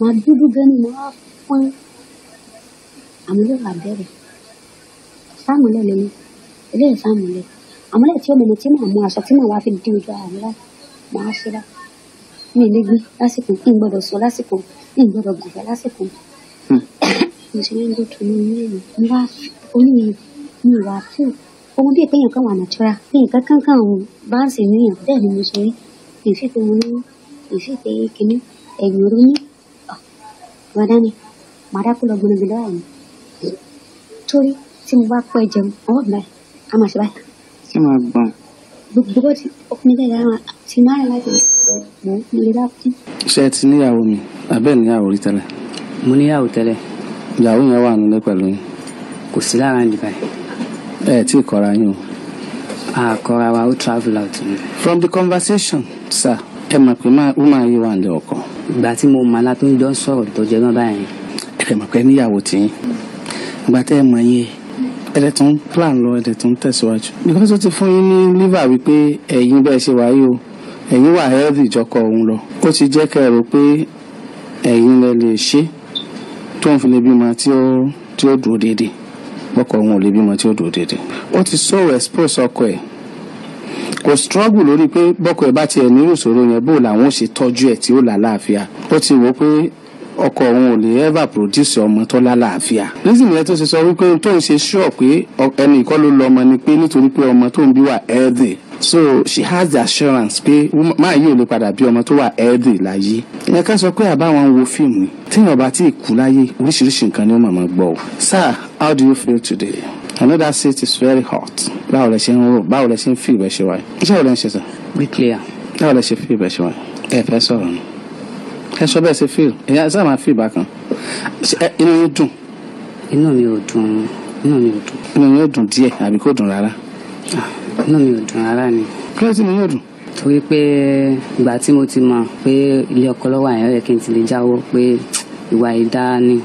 màá dúdú gẹ́ni màá pọ́n àmúlẹ̀ wà bẹ̀rẹ̀ sáàmùlẹ̀ lẹ́nu eléyìí sáàmùlẹ̀ àmúlẹ̀ tí ó mọ̀mọ́ tí màá mú aṣọ tí màá wá fi dín ojú ara mi láì màá ṣe lá mi ì lè gbé lásìkò kí n gbọ́dọ̀ sọ lásìkò kí n gbọ́dọ̀ gùnfẹ́ lásìkò hmm. mo ṣe ń dúdú ní ilé mi mo wá orí mi mi ì wá fíù ohun bíi pé kan wà nàtura bí nǹkan kankan òun bá ń sì níyàn bẹ́ẹ̀ ni mo ṣe rí èyí sì ní èyí sì ẹ̀yìn orí ní వదని màdákùlọ gbòǹgbò lọ́wọ́ mi torí tí mo bá pẹ́ jẹun àwọn ọ̀gbìn báyìí a máa ṣe báyìí. ṣé máa gbọ́n. gbogbo bó ti ọkùnrin bẹ́ẹ̀ dára ti máa rìn láti mọ̀ mo lè dákú. ṣé ẹ ti níyàwó mi abẹ́ níyàwó rí tẹ́lẹ̀. mo níyàwó tẹ́lẹ̀. ìyàwó yẹn wà nílé pẹ̀lú yín. kò sí lára ń dìbà yìí. ẹ eh, tí ì kọra yín o. a kọra wa ó travel out. from the conversation sir ẹ mọ̀ pé ó máa yí wa ǹdẹ̀ ọkàn ìgbà tí mo mọ̀ látó ń jọ ń sọ̀rọ̀ tó jẹ náà báyìí. ẹ lè mọ̀ pé níyàwó tí ìgbà tẹ́ ẹ mọ̀ yín ẹ̀rẹ̀ tó ń plan lọ ẹ̀rẹ̀ tó ń tẹ̀síwájú. because ó ti fún yín ní liver wípé ẹ̀yin bẹ́ẹ̀ ṣe wáyé o ẹ̀yin wà healthy jọkọ òun lọ ó ti jẹ́ kẹ́ ẹ rò pé ẹ̀yin lẹ lè ṣe tó ń fi lè bímọ tí ó tí ó dúró déédéé ọkọ òun ò lè bímọ tí ó dúró déédéé ó ti sọ̀rọ̀ expose ọkọ ẹ̀ kò struggle lórí pé bọ́kọ ẹ̀ bá tiẹ̀ nírú ìṣòro yẹn bó làwọn ò ṣe tọ́jú ẹ̀ tí ó lálàáfíà ó ti wò pé ọkọ òun ò lè ever produce ọmọ tó lálàáfíà nísìnyí yẹn tó ṣe sọ wípé tó ń ṣe sure pé ẹnì kan ló lọ ọmọ ni pé nítorí pé ọmọ tó ń bí wà healthy so she has the assurance pé máa yí ò padà bí ọmọ tó wà healthy láyé ìyẹn ká sọ pé àbáwọn wo fíìmù téèyàn bá tí ì kú láyé oríṣiríṣi nǹkan ni ó mọ̀mọ́ gbọ́ sir how do you feel today another seat is very hot báwo lẹ ṣe ń rò báwo lẹ ṣe ń fi ìbẹ̀ ṣe wáyé iṣẹ́ wo lẹ ń ṣe sọ. bricklayer. báwo lẹ ṣe fi ìbẹ̀ ṣe wáyé ẹ fẹ́ sọ̀rọ̀ ni ẹ sọ bẹ́ẹ̀ ṣe fíìl ẹ̀yà sáà máa fi ìbá kan inú yín dùn. inú mi ò dùn inú mi ò dùn. inú mi ò dùn díẹ̀ àbí kò dùn rárá. inú mi ò dùn rárá ni. kí ló ti mi yóò dùn torí pé ìgbà tí mo ti mọ̀ pé ilé ọkọ lọ́wọ́ àyàn kí n ti lè jáwọ́ pé ìwà ìdá ni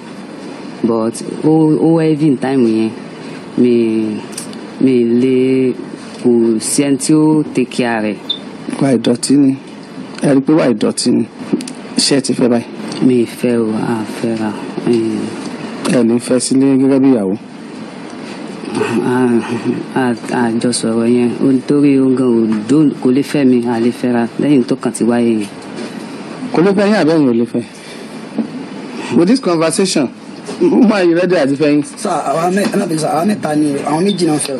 but ó ó heavy time yẹn mi mi lè kò sí ẹni tí ó tẹkí ara rẹ̀. wà ìdọ̀tí ni ẹ rí i pé wà ìdọ̀tí ni ṣé ẹ ti fẹ́ báyìí. mi fẹ́ o a fẹ́ ra. ẹ ní fẹ́ sílé gẹ́gẹ́ bí ìyàwó. àjọ sọ̀rọ̀ yẹn nítorí ogan kò lè fẹ́ mi a lè fẹ́ ra lẹ́yìn tó kàn ti wáyé yẹn. kò lè fẹ́ yín àbẹ́yìn ò lè fẹ́. with this conversation máa yìí rẹ́dẹ̀ àti fẹ́yìn. sà àwa mẹ́ta àwa mẹ́ta ni àwọn méjì náà fẹ́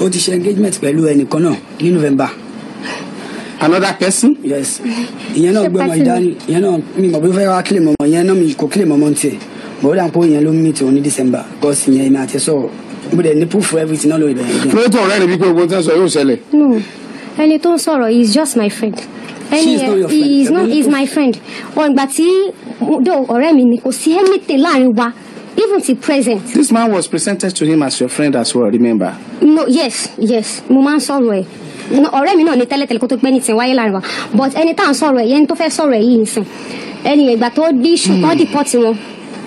o ti ṣe engagement pẹ̀lú ẹnìkan náà ní November. another person. yes ìyẹn náà gbé ọmọ ìdání ìyẹn náà mi mọ̀ bí ó fẹ́ wá kílè mọ̀mọ́ ìyẹn náà mi kò kílè mọ̀mọ́ tiẹ̀ bọ̀ ó dà pọ̀ ìyẹn ló mí tòun ní December gọ́ọ̀sì yẹn ìmọ̀ àti sọ̀rọ̀ mo dẹ̀ ní proof for everything náà lórí ìbẹ̀rẹ̀. pé tó ọ̀rẹ́ rẹ̀ bí pé ogun tẹ́ sọ yóò ṣẹlẹ̀. no ẹni tó ń sọ̀rọ̀ he is just my friend ẹni yẹn he is not he is my friend ọ̀gbà tí do ọ̀rẹ́ mi ni kò sí anything láàrin wa even till present. this man was presented to him as your friend as well remember. no yes yes mo máa ń sọ̀rọ̀ ẹ̀ ọ̀rẹ́ mi náà ni tẹ́lẹ̀tẹ́lẹ̀ kó tó gbẹ́ ní tiẹ̀ wáyé láàrin wa but ẹni tá à ń sọ̀rọ̀ ẹ̀ yẹn tó fẹ́ sọ̀rọ̀ ẹ̀ yìí nìsín ẹni ìgbà tó dí ṣùgbọ́n hmm. dìpọ́tì wọn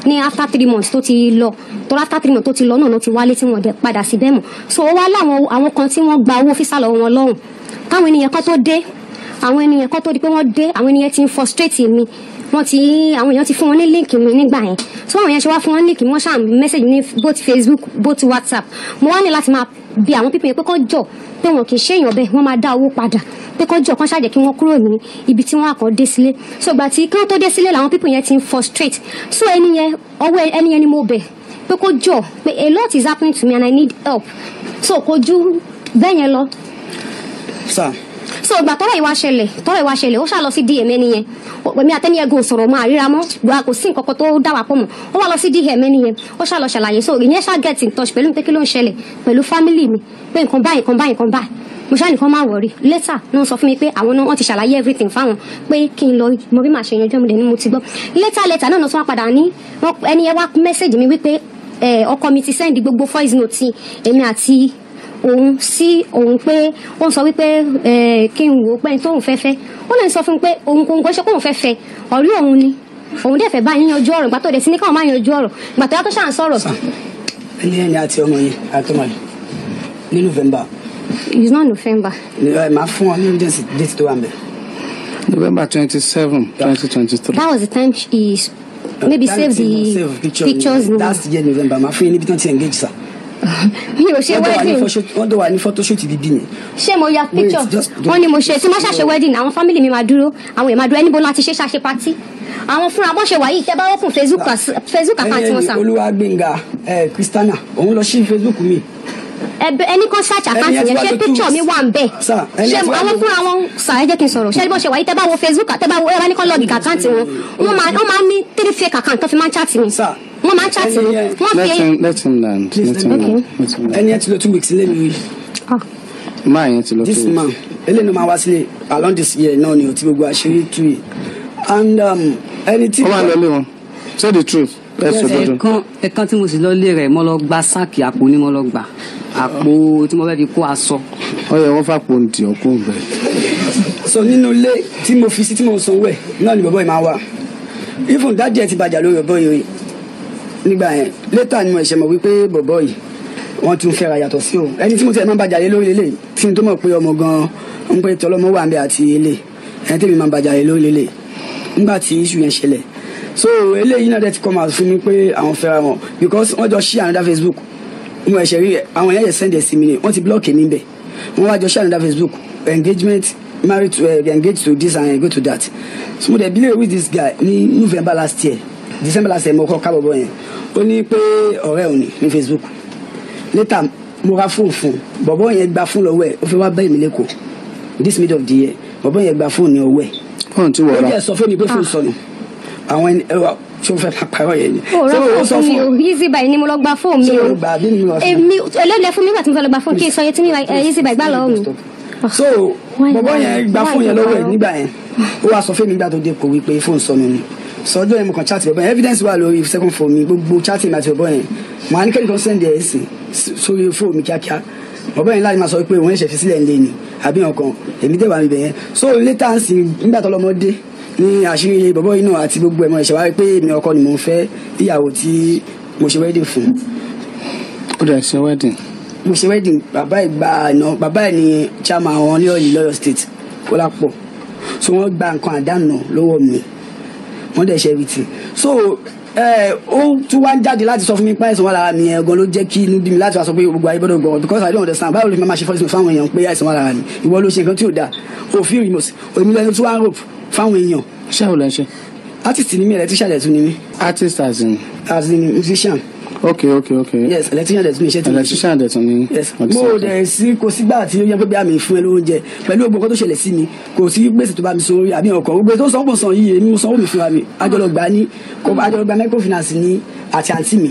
ní after three months tó ti lọ tó after three months tó ti lọ náà ló ti wálé tí wọn dẹ padà sí bẹ́ẹ̀ mọ̀ so ó wá láwọn àwọn kan tí wọ́n gba owó físà lọ́wọ́ wọn lọ́hùn táwọn ènìyàn kan tó dé àwọn ènìyàn kó tó di pé wọ́n dé àwọn ènìyàn ti ń frustrate mi wọ́n ti àwọn èèyàn ti fún wọn ní líǹkì mi nígbà yẹn so àwọn èèyàn ṣe wá fún wọn líǹkì wọ́n ṣáà mẹ́sẹ̀gì ní both Facebook both WhatsApp mo wá ní láti máa bi àwọn pípín yẹn pé kó jọ pé wọn kì í ṣe èèyàn bẹ́ẹ̀ wọ́n máa dá owó padà pé kó jọ kán ṣàjẹ́ kí wọ́n kúrò ní ibi tí wọ́n àkọ́ dé sílé so ìgbà tí kí wọ́n tó dé sílé làwọn pípín yẹn ti ń frustrate so ẹni yẹn ọwọ́ ẹni yẹn ni mo bẹ̀ pé kó jọ pé a lot is happening to me and I need help so kò bẹ́ẹ̀ yẹn lọ. sir so ìgbà tọ́rọ̀ ìwà ṣẹlẹ̀ tọ́rọ̀ ìwà ṣẹlẹ̀ ó ṣàlọ sí dm e ẹni yẹn wẹ̀mí àtẹ́ni ẹ̀gùn sọ̀rọ̀ mọ́ àríra mọ́ gba kò sí nǹkan kan tó dá wa pọ̀ mọ́ ó wà lọ sí dm ẹni e yẹn ó ṣàlọ ṣàlàyé so ìyẹn ṣá get in touch pẹ̀lú mi pé kí ló ń ṣẹlẹ̀ pẹ̀lú family mi pé nǹkan báyìí nǹkan báyìí nǹkan báyìí mo ṣáà nìkan máa wọ̀rí later náà sọ fún mi pé àwọn náà wọ́n ti ṣàlàyé everything fáwọn pé kí n lọ mo bí màá ṣe yanjú ọmọdé ni mo ti gbọ́ later later náà náà tún wá padà ní ẹni yẹn wá mẹ́sẹ̀gì mi wípé eh, ọkọ mi ti sẹ́ndì gbogbo voice note èmi àti òun sí òun pé ó ń sọ wípé kí n wò ó pé ẹni tóun fẹ́ fẹ́ ó lè sọ fún un pé òun kò ń kọ́ṣẹ́ kóun fẹ́ fẹ́ ọ̀rẹ́ òun ni òun dẹ̀ fẹ́ bá yín yanjú ọ̀rọ̀ ìgbà tó dẹ̀ sí ní káwọn máa yanjú ọ̀rọ̀ ìgbà tó yá tó ṣàn sọ̀rọ̀. ẹni ẹni àti ọmọ yẹn àtọmọ yẹn ní November. it's not November. màá fún ọ nínú déètì tó wà mẹ. November twenty seven twenty twenty three. that was the time he maybe save the pictures mi ò ṣe wedding wọ́n dẹ̀ wà ní photoshoot bíbí ni. ṣé mo ya picture wọ́n ní mo ṣe tí mo ṣàṣe wedding àwọn family mi máa dúró àwọn èèyàn máa dúró ẹnibó láti ṣe ṣàṣe party àwọn fúnra bọ́n ṣe wà yìí tẹ́ bá wọ́pùn facebook àkáǹtì eh, wọn sàn. olúwa gbẹ̀ngà kristiana eh, òun lọ sí facebook mi ẹbẹ ẹni kan search àkáǹtì yẹn ṣé picture mi wà ń bẹ ṣé àwọn fúnra wọn sà ẹ jẹ́ kí n sọ̀rọ̀ ṣé ẹni bó ṣe wáyé tẹ́ bá wo facebook tẹ́ bá wo ẹ̀rọ ní kọ́ lọ́ọ̀gì àkáǹtì wọn wọ́n máa ń ní three fake account tó fi máa ń chat mi wọ́n máa ń chat mi wọ́n fi. let him land let him land. ẹni yẹn ti lọ two weeks lẹ́nu yìí. máa yẹn ti lọ two weeks. this man eléyìí ló máa wá sílé along this year náà ni o ti gbogbo àṣírí tú yìí and um, ẹni tí. ó máa lọ lé wọn say the truth. ẹ̀kan tí mo sì lọ lé rẹ̀ mo lọ gba sáàkì àpò ni mo lọ gbà àpò tí mo fẹ́ fi kó aṣọ. ó yẹ wọn fàpò ntì ọkọ nbẹ. so nínú ilé tí mo fi sí tí mo sanwó ẹ náà ni bọbọ yìí máa wà ifun dájú ẹ ti bàjẹ́ lórí bọbọ yìí nígbà yẹn létà ni mo ṣe mọ̀ wípé bọbọ yìí wọ́n tún fẹ́ra yàtọ̀ sí o ẹni tí mo tẹ̀ máa bàjẹ́ lé lórí lélẹ̀ tí n tó mọ̀ pé ọmọ gan-an ń pẹ́ tọ́lọ́mọ wà ń bẹ àti ilé ẹni tẹ̀mí máa bàjẹ́ lórí lélẹ̀ nígbà tí iṣu yẹn ṣẹlẹ̀ so eléyìí náà dẹ̀ ti come out fún mi pé àwọn fẹ́ra wọn because wọ́n jọ share another Facebook mo ẹ̀ṣẹ̀ rí rẹ̀ àwọn yẹn yẹ send ẹ̀ sí mi ni wọ́n ti block níbẹ̀ wọ́n wá jọ share another Facebook engagement married to uh, they engaged to this and engaged to that so mo dey believe with this guy ní November last year December last year mo kọ́ kábọ̀ bọ̀ yẹn ó ní pé ọ̀rẹ́ òní ní Facebook later mo ra fóònù fún un bọ̀bọ̀ yẹn gba fóònù lọ́wọ́ ẹ̀ ó fẹ́ wá bẹ́ẹ̀ mi lẹ́kọ̀ọ́ this middle of the year bọ̀bọ̀ yẹn gba fóònù ní ọwọ́ ẹ̀. fóònù tí wọ́n ra ó jẹ́ sọ fún mi pé fóònù ah. sọnù àwọn eh, tí o fẹ́ máa parọ́ yẹn ni. Oh, ọ̀rọ̀ fún mi o easy buy ni mo lọ gba fóònù mi o èmi ẹlẹ́dẹ̀ fún mi nígbà tí mo fẹ́ lọ gba fóònù kí n sọ yẹn tí mi eh, easy buy gbà lọ́wọ́ mi. Ah. so bọ̀bọ̀ yẹn gba fóònù yẹn lọ́wọ́ ẹ̀ nígbà yẹn ó wàá sọ fún mi nígbà tó dé kò wípé fóònù sọnù ni sọjọ yẹn mo kàn chat bọ̀bọ̀ yẹn evidence wà lórí second phone mi gbogbo chat mi àti bọ̀bọ̀ yẹn mo á ní kẹ́kẹ́ kan send ẹ̀ sí sórí fóònù mi kíákíá bọ̀bọ̀ yẹn láti máa sọ pé òun ẹ̀ṣẹ̀ fi sílẹ̀ ń lé ni àbí ọkàn èmi dẹ̀ wà níbẹ̀ yẹn so later ń sìn nígbà tó lọ́mọdé ní àṣírí bọ̀bọ̀ yìí náà àti gbogbo ẹ̀mọ́ ìṣẹ̀wá pé èmi ọkọ ni mò ń fẹ́ ìyàwó tí mo ṣe wedding fún. ó dà ṣe wedding. mo ṣe wedding bàbá ẹ̀ gba iná bàbá ẹ̀ ni chairman àwọn olóyè lọ́yọ̀ state kọ́lápọ̀ so wọ́n gba nǹkan àdánù lọ́wọ́ mi wọ́n dẹ̀ ṣe everything so ó tún wá ń jáde láti sọ fún mi páìsàn wà lára mi ẹ gan ló jẹ́ kí inú bí mi láti wá sọ pé gbogbo ayé gbọ́dọ̀ gbọ́ because I don't understand báwo ló fi máa ṣe fọ́ọ̀sì fáwọn èèyàn pé àìsàn wà lára mi ìwọ ló ṣe nǹkan tí ò dáa òfin remote òmìnira ẹni tí wọ́n á rò fáwọn èèyàn. iṣẹ́ wo lẹ ṣe. artist ni mí electrician dẹ̀ tún ni mí. artist as in. as in musician. ok ok ok. yes electrician dẹ̀ tún ni iṣẹ́ tí mo electrician dẹ̀ ni. yes mo dẹ̀ sí kò sígbà tí ó yẹ pé bí àmì fún ẹ lóúnjẹ pẹ̀lú ogun kan tó ṣẹlẹ̀ sí mi kò sí gbèsè tó bá mi san orí àbí ọkọ̀ gbogbo tó sanwó san yìí ni mo sanwó mi fúnra mi àjọlọgba ní àjọlọgba microfinance ní àti àǹtí mi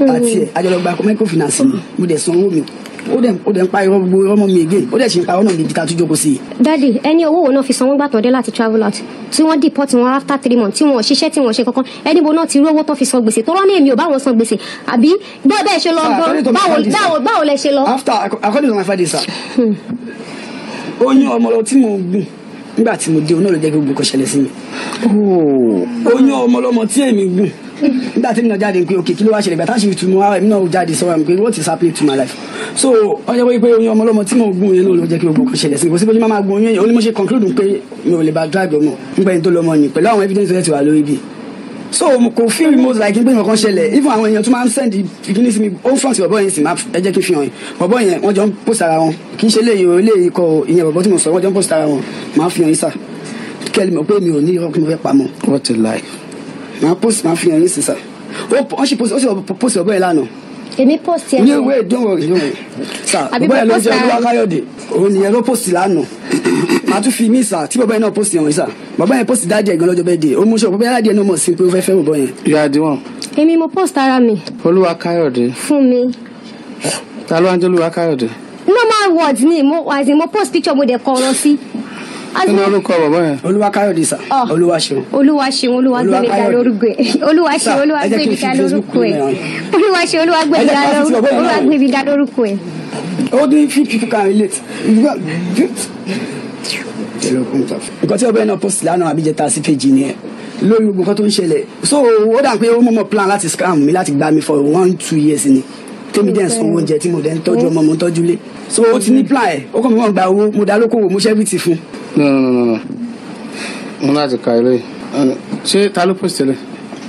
mm. àti àjọlọgba microfinance ní mo dẹ̀ sanwó mi ó dẹ̀ ó dẹ̀ ń pa irọ́ gbogbo irọ́ mọ́ mi again ó dẹ̀ ṣe ń pa irọ́ náà ní ìdíkà tó jókòó sí i. dadi ẹni owó wo náà fi sanwó gbàtọ̀ dé láti travel out tí wọ́n deport wọn after three months tí wọ́n ṣiṣẹ́ tí wọ́n ṣe kankan ẹni bo náà ti rí owó tó fi san gbèsè tó rán ní èmi ò báwọn san gbèsè àbí bẹ́ẹ̀ bẹ́ẹ̀ ṣe lọ gan báwo lẹ ṣe lọ. after according to my father sir hmm. oyún ọmọ lọ tí mo gùn nígbà tí mo dé onáà ló jẹ́ kí gbogbo kọ́ ṣẹlẹ̀ sí mi oyún ọmọ lọmọ tí èmi gùn nígbà tí mi náà jáde pé òkè kí ló wá ṣẹlẹ̀ gbàtà ṣe ìtumọ̀ ara mi náà jáde sọ́ra mi pé what is happening to my life so ọjọ́ pé oyún ọmọ tí mo gún yẹn náà ló jẹ́ kí gbogbo kan ṣẹlẹ̀ sí mi kò sí pé mo máa gún oyún yẹn ó ní mo ṣe conclude pé mi ò lè bá drive ọmọ nígbà yẹn tó lọ́mọ yìí pẹ̀lú àwọn evidence rẹ̀ ti wà lórí bíi so kò feel remote like pé nǹkan ṣẹlẹ̀ even àwọn èèyàn tó máa ń send ìbíní sí mi ó front bọ̀bọ̀ yẹn what a life na post ma fi hàn yín sísà ó sì post ó sì post ọ̀bọ̀ yẹn lánàá èmi post yẹn. ní ìwé don't worry don't worry sà bàbá yẹn ló jẹ olúwa káyọ̀dé òun nìyẹn ló post lánàá a tu fi mí sà tí bàbá yẹn náà post yẹn sà bàbá yẹn post dájẹ́ gan lọ́jọ́ bẹ́ẹ̀ dé ó mú sọ bàbá yẹn aládìẹ náà mọ̀ sí pé ó fẹ́ fẹ́ bàbá yẹn. ìyá àdìwọ̀n. èmi mo post ara mi. olúwa káyọ̀dé. fún mi. ta ló wá ń normal words ni mo as in mo post picture mo dẹ̀ kọ ọ̀rọ̀ sí kí ni orúkọ bàbá yẹn. olúwa káyọ̀dé sà. Ah. olúwa ṣeun. olúwa ṣeun olúwa gbẹ̀dẹ̀gà lórúkọ ẹ̀. olúwa ṣeun olúwa gbẹ̀dẹ̀gà lórúkọ ẹ̀. olúwa ṣeun olúwa gbẹ̀dẹ̀gà lórúkọ ẹ̀. ó dín fífi kan relate nǹkan tí ọbẹ̀ náà post lánàá àbíjẹta sí péjì ni ẹ lórí gbogbo nǹkan tó ń ṣẹlẹ̀ so ó dà pé ó mọ̀mọ́ plan láti scam mi láti gbá mi for one two years ni tèmi dẹ́ ń sanwó oúnjẹ tí mo dẹ́ ń tọ́jú ọmọ mo ń tọ́jú lé so ó ti ní plan ẹ̀ ó kàn mí wọ́n gba owó mo dá lókòwò mo ṣẹ́ bìtì fún. mo láti ka ilé ṣé ta ló post tẹ́lẹ̀.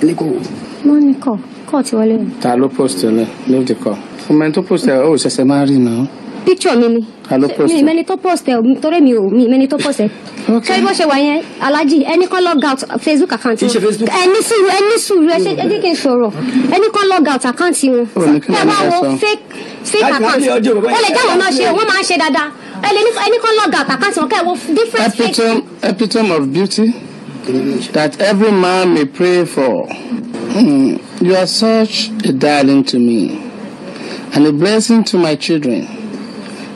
ẹni kò wò. mo ní kọ kọ ti wọlé. ta ló post tẹ́lẹ̀ ló ti kọ ọmọ ẹni tó post tẹ́lẹ̀ ó ṣẹ̀ṣẹ̀ máa rí náà picture mi ni mi mẹni tó post torí mi ò mi mẹni tó post ẹ so ibo ṣe wà yẹn Alhaji ẹni kan log out Facebook account wọn ẹni sùúrù ẹni sùúrù ẹ ẹjẹ kí n sọ̀rọ̀ ẹni kan log out account wọn ẹ wá wo fake fake account ó lè jáwọ́ náà ṣe wọ́n máa ṣe dáadáa ẹ ẹni kan log out account wọn kẹ́ wo different fake. epitome epitome of beauty that every man may pray for. Mm. You are such a darling to me and a blessing to my children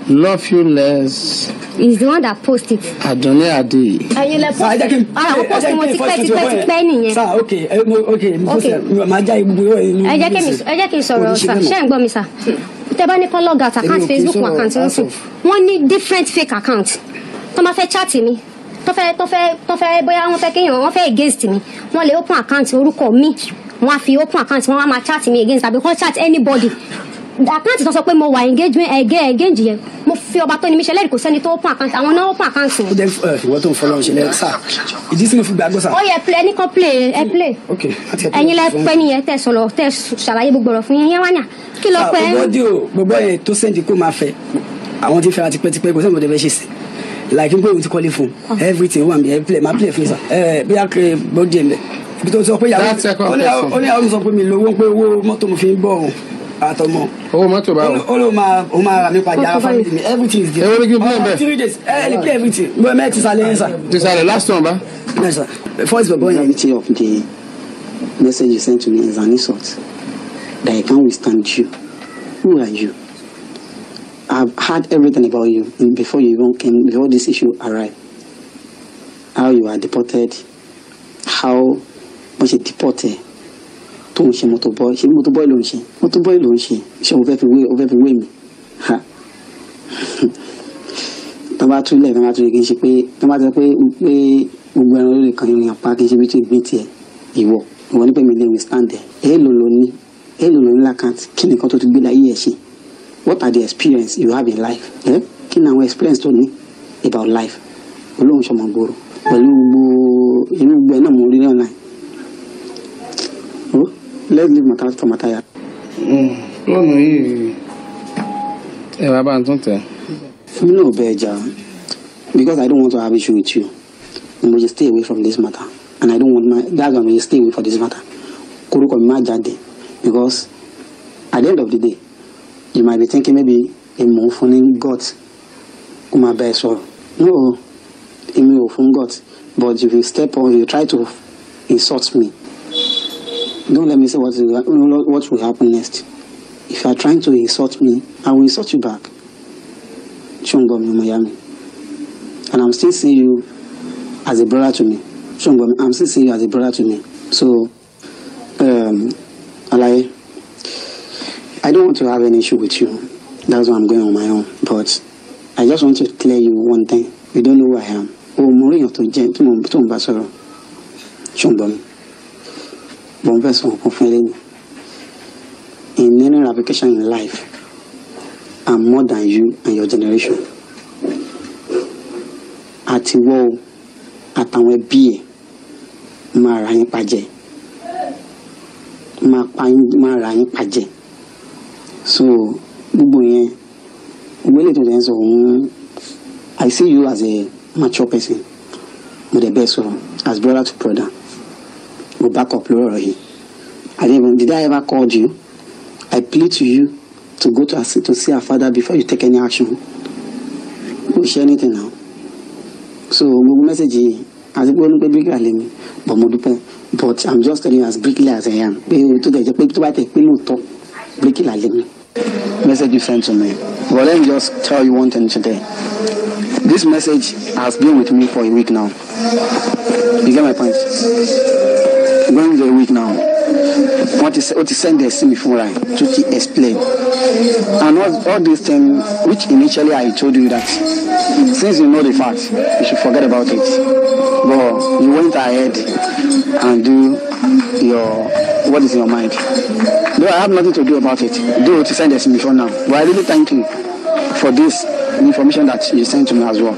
love you less. He's the one that post it. Adunni Ade. ẹyin lẹ post it. ẹ jẹ́ kí n post mo ti pẹ́ ti pẹ́ ti pẹ́ nìyẹn. sa ok ok mi post ẹ máa já ibùgbé ẹ ní. ẹ jẹ́ kí n sọ̀rọ̀ sa ṣé ń gbọ́ mi sa tẹ bá ní kọ́ log out account facebook account ń sùn wọ́n ní different fake account tó máa fẹ́ chat mi tó fẹ́ tó fẹ́ tó fẹ́ bóyá wọ́n fẹ́ kéèyàn wọ́n fẹ́ against mi wọ́n lè open account orúkọ mi wọ́n á fi open account wọ́n á máa chat mi against àbí kọ́ chat anybody àkáǹtì tó sọ pé mo wà engagement eh, ẹgẹ engage yẹn mo fi ọba tó ní mi ṣe lẹ́rìí kò sẹ́ni tó pọ̀ àkáǹtì àwọn náà pọ̀ àkáǹtì. ó jẹ́ eh, ìwọ tó ń fọlọ́run ṣe lẹ́rìí sá ìdí sí mo fi gbàgbọ́ sá. ó yẹ play ẹni kan play ẹ play ẹ̀yin lẹ pẹ́ nìyẹn tẹ́ sọ̀rọ̀ tẹ́ ṣàlàyé gbogbo ọ̀rọ̀ fún yín yẹn wá ní à kí ló ah, pẹ́. ọgbọ́dọ̀ gbogbo yẹn tó sẹ́ndì kó máa fẹ́ àwọn tí fẹ́ra tipẹ́tipẹ́ kò sẹ́ni mo like n pé òun ti kọ́lé fún ah. everything wà mí ẹ play máa play fún yín sá ẹ bí a kiri bó dé mi ibi tó sọ pé yàrá ó ní àwọn sọ pé mi lówó pé owó mọ́tò mo fi ń bọ̀ ọ̀hún àtọmọ. owó mọ́tò bá wọ. ó ló máa ó máa mi padà ara family mi everything is there. ẹ wọ́n ní kí n plan bẹ́ẹ̀. three days ẹ ẹ kí everything bó ẹ mẹ́ẹ̀ ti sálẹ̀ yẹn sà. ti last one ba. no sir first before yẹn. gravity eh. of the message you sent to me is an insult that I can't withstand you who are you I've heard everything about you before you even came before this issue arrived how you are deported how much you deported tó ń ṣe mọ́tò bọ́ ṣe mọ́tò bọ́ọ̀lù ń ṣe mọ́tò bọ́ọ̀lù ń ṣe ṣé o fẹ́ fi wé o fẹ́ fi wé mi ha tó bá túlẹ̀ tó bá túlẹ̀ kì í ṣe pé tó bá tẹ pé pé gbogbo ẹran lórí kan ìrìn àpá kì í ṣe bí tó ìgbín tiẹ̀ ìwọ ìwọ ní pẹ̀lú ilé mi stand ẹ̀ èèlò ló ní èèlò ló ní lákàntì kí nìkan tó ti gbé láyé ẹ̀ ṣe what are the experience you have in life eh? kí ni àwọn experience tó ní about life olóhùn sọmọ gbòòrò pẹ̀lú gbogbo inú gbẹ náà mo rí ní online. Let's leave tọmọtà yà. fóònù yìí ẹ No, eh, bá ń tún tẹ. mi náà bẹ ẹ jà because i don't want to have issue with you you must just stay away from this matter and i don't want my that's to stay away from this matter korúkọ my daddy because at the end of the day you might be thinking maybe èmi ò fún god kó máa bá no èmi ò fún god but if you step on you try to insult me. Don't let me say what will happen next. If you are trying to insult me, I will insult you back. Chungom in Miami. And I'm still seeing you as a brother to me. Chungom, I'm still seeing you as a brother to me. So, um, I don't want to have an issue with you. That's why I'm going on my own. But I just want to clear you one thing. You don't know who I am. Oh, Maureen, to Jen, Chungom. mo ń fẹ̀sùn òkú fún in any ramification in life I'm more than you and your generation àtiwọ́ àtàwọn ẹbí ẹ̀ máa ra yín pajẹ máa pa yín máa ra yín pajẹ so gbogbo yẹn ìwélé to dẹ̀ ń sọ I see you as a mature person mo dẹ̀ bẹ́ẹ̀ sọ̀rọ̀ as brother to brother will back up lórí and even did I ever call you I plead to you to go to, to see her father before you take any action no ṣe anything now so gbogbo message yìí àti pé olùgbé bíríkìlà lè mi but mo but I'm just telling you as bíríkìlà as I am pé o tó dẹ̀ jẹ́ pé tó bá tẹ̀ pé message you sent to me but let me just tell you one thing today this message has been with me for a week now you get my point the week now what is what ti send the sí before fúnra ẹ̀ tó explain and all, all these things which initially I told you that since you know the fact you should forget about it but you went ahead and do your what is in your mind though I have nothing to do about it though to send the sí mi now but I really thank you for this information that you sent to me as well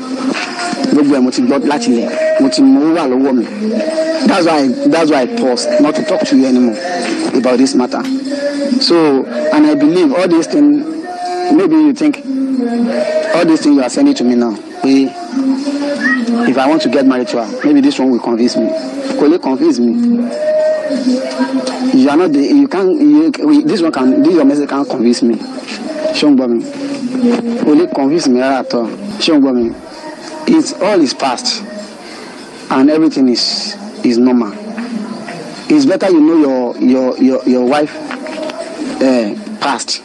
gbogbo ẹ̀ mo ti gbọ́ láti lẹ̀ mo ti mọ wà lọ́wọ́ mi that's why that's why I paused not to talk to you anymore about this matter so and I believe all these things maybe you think all these things you are sending to me now pe if I want to get married to her maybe this one will convince me kò lè convince me you are not the you can you, this one can this your message can convince me ṣé o ń gbọ́ mi o lè convince me rárá tọ́ ṣé o mi it's all is past and everything is is normal it's better you know your your your your wife uh, past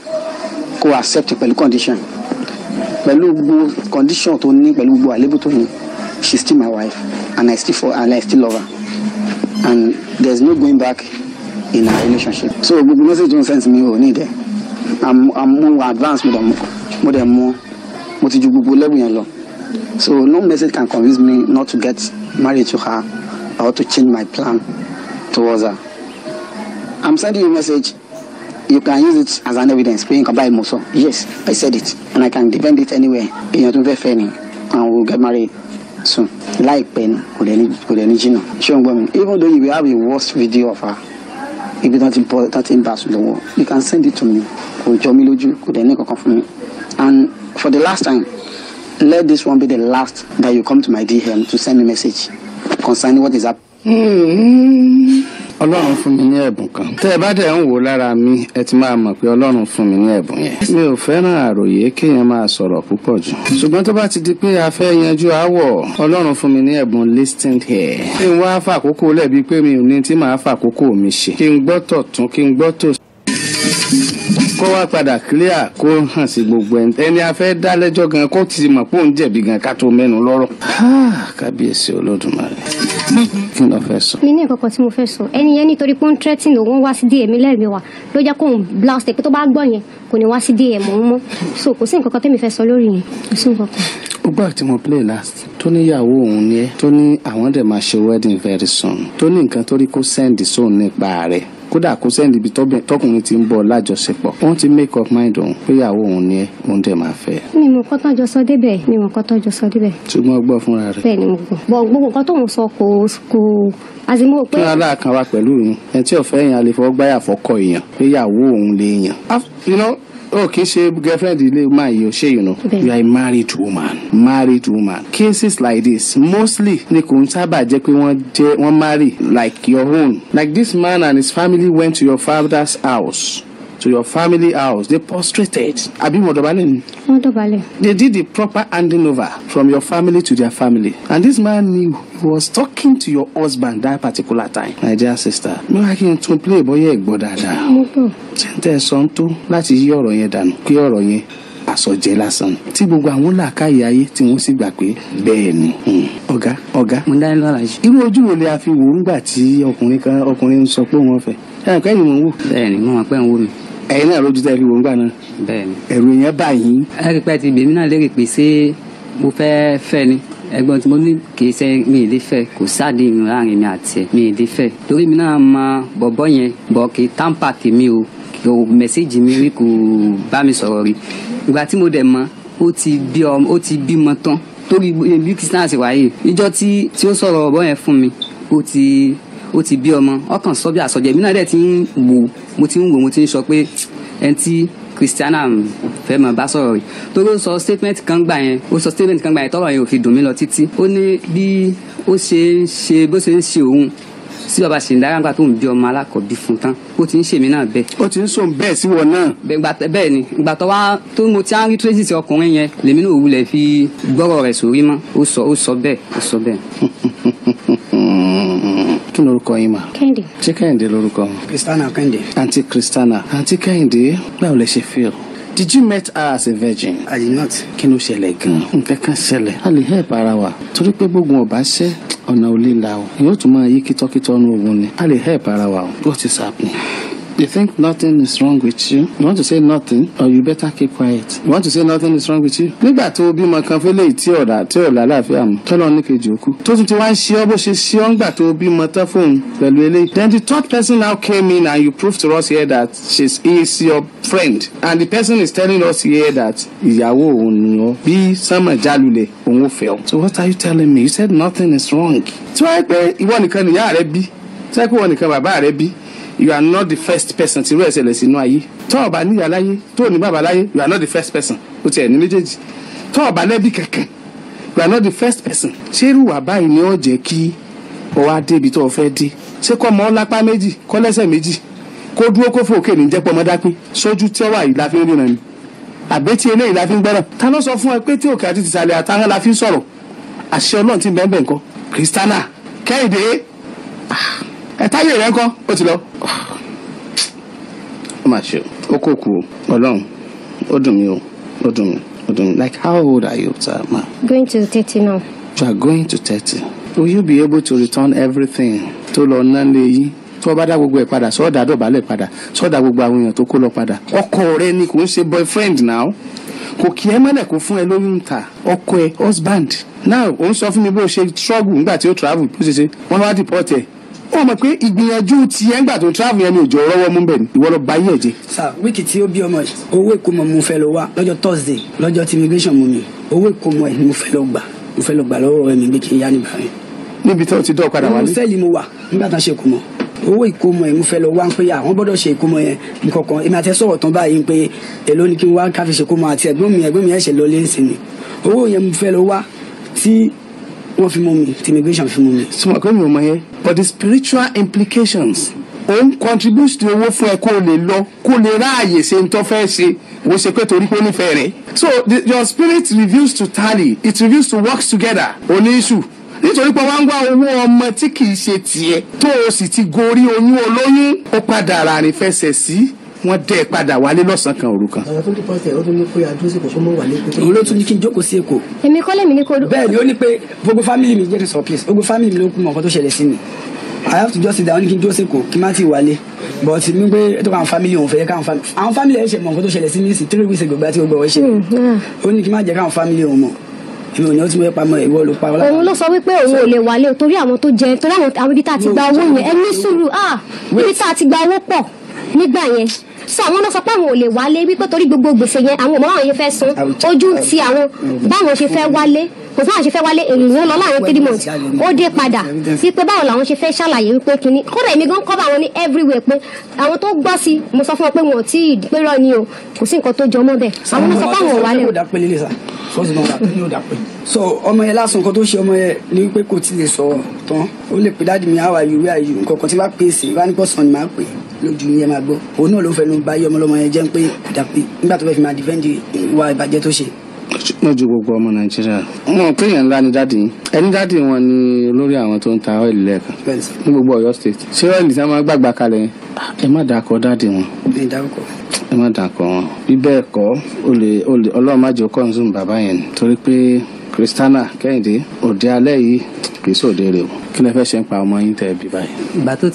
kó accept the condition pẹ̀lú gbogbo condition tó ní pẹ̀lú gbogbo àlébù tó ní she still my wife and I still for and I still love her and there's no going back in our relationship so gbogbo message don send me o ní ìdẹ i'm i'm more advanced mo dẹ̀ mo mo dẹ̀ mo mo ti ju gbogbo lẹ́bù yẹn lọ. So no message can convince me not to get married to her or to change my plan towards her. I'm sending you a message. You can use it as an evidence. Pé nǹkan báyìí Yes, I said it and I can defend it anywhere. Èèyàn tún fẹ́ fẹ́ and we'll get married soon. Like ni kò lè ní kò lè ní jìnnà. Even though you will have a worst video of her. Ibi tán not important. tán ti ń bá You can send it to me. Kò jọ mí lójú. Kò dẹ̀ ní kankan fún And for the last time let this one be the last that you come to my DM to send me message concerning what is up. Ọlọ́run fún mi ní ẹ̀bùn kan. Tẹ́ ẹ bá dẹ̀ ń wò lára mi, ẹ ti máa mọ̀ pé Ọlọ́run fún mi ní ẹ̀bùn yẹn. Mi ò fẹ́ràn àròyé kéèyàn máa sọ̀rọ̀ púpọ̀ jù. Ṣùgbọ́n tó bá ti di pé a fẹ́ yanjú àwọ̀, Ọlọ́run fún mi ní ẹ̀bùn listened here. Kí n wá fàkókò lẹ́bi pé mi ò ní tí màá fàkókò mi ṣe. Kí n gbọ́ tọ̀tún, kí n gbọ́ tòsí kó wá padà clear kó hàn sí gbogbo ẹni ẹni a fẹ́ dá lẹ́jọ́ gan kó ti mọ̀ pé òun jẹ̀bi gan ká tó mẹ́nu lọ́rọ̀ kábíyèsí olódùmarè kí ló fẹ́ sọ. mi ní ìkọ̀kọ̀ tí mo fẹ́ sọ ẹni yẹn nítorí pé ó ń tẹ́tìn òun wá sí díẹ̀ lẹ́ẹ̀mí wa ló jẹ́ kó òun blouse tẹ̀ pé tó bá gbọ́ yẹn kò ní wá sí díẹ̀ mọ́ mọ́ so kò sí nǹkan kan tẹ́mi fẹ́ sọ lórí yẹn kò sí nǹkan kan gbogbo àti mo play last tó níyàwó òun ni ẹ tó ní àwọn dẹ̀ máa ṣe wedding very soon tó ní nǹkan tó rí kó send sóun nípa rẹ̀ kódà kó sẹ́ni ibi tọkùnrin ti ń bọ̀ lájọṣepọ̀ wọ́n ti make up mind òun pé ìyàwó òun ni ẹ òun dẹ̀ máa fẹ́. mi mọ̀ kọ́ tọ́jọ́ sọ débẹ̀ mi mọ̀ kọ́ tọ́jọ́ sọ débẹ̀. ṣùgbọ́n gbọ́ fúnra rẹ̀. bẹ́ẹ̀ ni mo gbọ́ bọ́ gbogbo nǹkan tóun sọ kò kò azimo pé. kí aláà kan wá pẹ̀lú yín ẹni tí ò fẹ́ yẹn lè fọwọ́ gbáyà fọkọ èèyàn pé ìyàwó òun lè yàn oh kì í ṣe girlfriend ilé máa yọ ṣé you know you are a married woman married woman cases like this mostly ni kò ń sábà jẹ́ pé wọ́n jẹ́ wọ́n marry like your own like this man and his family went to your father's house to your family house. They prostrated. Abi Modobale. Modobale. They did the proper handing over from your family to their family. And this man knew he was talking to your husband that particular time. My dear sister, mi wá kí n tún play bọ́yẹ̀ ẹ̀gbọ́n dáadáa. Mo bọ̀. Ṣé n tẹ́ ẹ sọ ń tó láti yí ọ̀rọ̀ yẹn dànù kí ọ̀rọ̀ yẹn àsọjẹ lásán tí gbogbo àwọn làákàyè ayé tí wọn sì gbà pé bẹ́ẹ̀ ni. Hmm. ọ̀gá ọ̀gá. mo dá lọ́la yìí. irú ojú wo ni a fi wò ó ńgbà tí ọkùnrin kan ọkùnrin ń sọ pé òun ọ̀fẹ́. ẹ kẹ́yìn mò ń wò. bẹ́ẹ̀ ni mo mọ̀ pé ń wò mí ẹ̀yin náà lójú tẹ́ fi wò ń gbà náà. bẹ́ẹ̀ni ẹ̀rù yẹn bà yín. ẹ rí pẹ́ ti bèmí náà lérè pé ṣé mo fẹ́ fẹ́ ni ẹ̀gbọ́n tí mo ní kì í ṣe mi ì lè fẹ́ kò sáàdì ìrìn láàrin mi àti ẹ mi ì lè fẹ́ torí mi náà mọ bọ̀bọ̀ yẹn bọ̀ kì í tàǹpà tèmi o kò mẹ́sẹ́jì mi rí kò bá mi sọ̀rọ̀ rí ìgbà tí mo dẹ̀ mọ ó ti bímọ tán torí bí kristian ṣe wáyé níjọ́ tí tí ó sọ̀rọ̀ bọ̀ yẹn fún mi ó ti ó ti bí ọmọ ọkàn sọ bí àsọjẹ mi náà dẹ̀ ti ń wò mo ti ń wò mo ti ń sọ pé ẹntì Christiana fẹ́ mọ̀ bá sọ̀rọ̀ yìí torí ó sọ statement kan gbà yẹn ó sọ statement kan gbà yẹn tọ́rọ̀ yẹn ò fi dùn mí lọ títí ó ní bí ó ṣe ń ṣe bó ṣe ń ṣe òun sí baba sindara nígbà tó ń bí ọmọ alákọ̀bí fún tán ó ti ń ṣèmí náà bẹ́ẹ̀. ó ti ń sùn bẹ́ẹ̀ sí wọn náà. bẹ́ẹ̀ ni ìgbà tó wá tó mo ti á rí tracy ti ọkùnrin yẹn lèmi náà wulẹ̀ fi gbọ́rọ̀ rẹ̀ sórí mọ́ ó sọ bẹ́ẹ̀ ó sọ bẹ́ẹ̀. kí lorúkọ yín mà. kẹ́hìndé. ṣé kẹ́hìndé lorúkọ. kristana kẹ́hìndé. àǹtí kristana àǹtí kẹ́hìndé báwo lẹ ṣe feel. Did you met her as a virgin? I did not. Kí ló ṣẹlẹ̀ gan-an? Hmm. Nǹkan kan ṣẹlẹ̀. A lè help ara wa. Torí pé gbógun ọ̀bá ṣẹ́ ọ̀nà ò lè la o. Yóò tún máa yí kítọ́kítọ́ nu ogun ni. A lè help ara wa o. What is happening? They think nothing is wrong with you. You want to say nothing or you better keep quiet. You want to say nothing is wrong with you. Nígbà tó o bímọ kan fẹ́lẹ́ tí ọ̀dà tí ọ̀là láàfin àmọ́ tọ́lọ́ ní kejì òkú. Tó tún ti wá ń ṣe ọ́ bó ṣe ṣe ọ́ ńgbà tó o bímọ tán fóun pẹ̀lú eléyìí. Then the third person now came in and you proved to us here that she is your friend. And the person is telling us here that ìyàwó òun ni ọ́ bí sánmà jálulẹ̀ òun ò fẹ́ ọ. So what are you telling me? You said nothing is wrong. Tí wọ́n yẹ pé ìwọ nìkan nìyá rẹ bí. Tẹ́kùn wọn nìkan bàbá rẹ bí you are not the first person tí irú ẹ̀ ṣẹlẹ̀ sínú ayé tó o níyà láyé tó ní bàbá láyé you are not the first person o tiẹ̀ ní méjèèjì tó o bá kankan you are not the first person ṣé irú wà báyìí ni ó jẹ́ kí o wá débi tó o fẹ́ dé ṣé kọ́ mọ́ lápá méjì kọ́ lẹ́sẹ̀ méjì kó dúró kó fòkè ní jẹ́pọ̀ mọ́dápín sójú tẹ́wà yìí la fi ń ríran ni àbẹ́tí eléyìí la fi ń gbẹ́ràn ta ló sọ fún ẹ pé tí òkè àti tìsàlẹ̀ àtàrà la fi ń sọ̀rọ̀ àṣẹ ọlọ́run ti bẹ́ẹ̀ bẹ́ẹ̀ nǹkan kristana kẹ́hìndé. Ah. ẹ táyé rẹ ńkọ́ ó ti lọ. ó mà ṣe ó kò kú ọlọ́run ó dùn mí o ó dùn mí ó dùn mí like how old are you sir ma. going to thirty now. you are going to thirty. will you be able to return everything tó lọ ná lé yín tí wọ́n bá dá gbogbo ẹ̀ padà sọ́ọ̀dà dọ̀bálẹ̀ padà sọ́ọ̀dà gbogbo àwọn èèyàn tó kó lọ padà. ọkọ rẹ ni kò ń ṣe boyfriend now kò kí ẹ mọ́lẹ̀ kó fún ẹ lóyún ta ọkọ ẹ husband now òun sọ fún mi bó ṣe struggle nígbà tí ó travel bó ṣe ṣe wọ́n wá deport ẹ wọ́n mọ̀ pé ìgbìyànjú ti ẹ̀ ń gbà tó travel yẹn ni òjò rọ́wọ́ mú bẹ̀ ìwọ lọ bá yẹ̀ jẹ́. sà wíìkì tí ó bí ọmọ yìí owó ìkómọ mo fẹ́ lọ wá lọ́jọ́ thursday lọ́jọ́ tí immigration mú mi owó ìkómọ ẹ̀ mo fẹ́ lọ gbà mo fẹ́ lọ gbà lọ́wọ́ ẹ̀mí gbé kí n yá nígbà yẹn. níbi tó ti dọ́ padà wálé. mo sẹ́ẹ̀lì mo wà nígbà tá a ṣe kù mọ́ owó ìkómọ yẹn mo fẹ́ lọ wá pé àwọn gbọ́dọ̀ ṣe ìkómọ yẹn nǹkankan èmi àti ẹ tán báyìí pé èló ni kí n wá káfíṣe kómọ àti ẹ̀gbọ́n mi ẹ̀gbọ́n mi ẹ̀ ṣe lọ lé ń sinmi owó yẹn mo fẹ́ lọ wá tí wọ́n fi mú mi ti immigration fi mú mi. sọ pé mi ò mọ yẹn but the spiritual implications òun contribute to owó fún ẹ kó o lè lọ kó o lè ráàyè ṣe ń tọ́ fẹ́ ṣe wo ṣe pé torí pé ó nífẹ̀ẹ́ rẹ. so the, your spirit reveals to tally it reveals to work together oní iṣu nítorí pé wá ń wá owó ọmọ tí kì í ṣe tiẹ̀ tó o sì ti gorí oyún olóyún ó padà rà nífẹsẹ̀ sí wọ́n dẹ́ ẹ padà wálé lọ́sàn-án kan òru kan. àwọn tó dìbò tẹ ó tún ní pé adúró kò kó mọ́ wálé. òun ló tún ní kí n jókòó sí èkó. èmi kọ́ lèmi ní kó. bẹ́ẹ̀ ó ní pé gbogbo fámìlì mi jẹ́rìí sọ place gbogbo fámìlì mi ló kún mọ̀ nǹkan tó ṣẹlẹ̀ sí mi i have to just sit down ní kí n dúró sí èkó kí n má ti wálé but mi pé tó kàn family òun fẹ́ yẹ káwọn family àwọn family ẹ̀ ṣe mọ̀ nǹkan tó ṣẹlẹ̀ sí mi sí three weeks gbogbo àti gbogbo ọ̀ ṣe hmm, hmm. ó ní kí n má jẹ́ káwọn family òun mọ̀ èmi ò ní ọtí mo yẹ pamọ́ ìwọ ló pa ọlá. òun ló sọ wípé òun ò lè wálé torí àwọn tó jẹ torí àwọn ibi tá a ti gba owó yẹn ẹ ní sùúrù ah ibi tá a ti gba owó pọ̀ nígbà yẹn so àwọn náà sọ pé àwọn ò lè wálé wípé torí gbogbo gbèsè yẹn àwọn ọmọ àwọn yẹn fẹ́ san ojú ti àwọn báwọn ṣe fẹ́ wálé kò sáà ṣe fẹ́ wálé èèyàn lọ láàrin three months ó dé padà wípé báwo làwọn ṣe fẹ́ ṣàlàyé wípé kínní kódà èmi gan kọ́ bá wọn ní everywhere pé àwọn tó gbọ́ sí mo sọ fún wọn pé wọn ò tí ì pé rọ ni o kò sí nǹkan tó jọ mọ́ bẹ́ẹ̀ àwọn mo sọ fún àwọn wálé. so ọmọ yẹn lásán nǹkan tó ṣe ọmọ yẹn ni pé kò tí lè sọ tán ó lè pè dáàdì mi àwa ìwé àyè nǹkan tí bá pè sí bá ní pọ̀sán ni máa pè lójú yẹn máa gbọ́ òun náà ló fẹnu bá yọmọlọmọ yẹn jẹ́ pé kò dà pé nígbà tó fẹ́ fi máa dìfẹ́ǹdì ìwà ìbàjẹ́ tó ṣe lójú gbogbo ọmọ nàìjíríà wọn pé èèyàn ńlá ni dáàdì yín ẹni dáàdì wọn ni olórí àwọn tó ń ta ọ́ìlì lẹ́ẹ̀kan ní gbogbo ọ̀yọ́ state ṣé ọ́ìlì sáà máa gbàgbà kalẹ̀ yẹn ẹ má dàkọ dáàdì wọn ẹ má dàkọ wọn bí bẹ́ẹ̀ kọ́ ọlọ́run má jẹ́ kọ́ńsùn bàbá yẹn torí pé Christiana Kẹ́hìndé òde alẹ́ yìí kì í sòde rè o kí lẹ fẹ́ ṣe ń pa ọmọ yín tẹ bí báyìí. ìgbà ti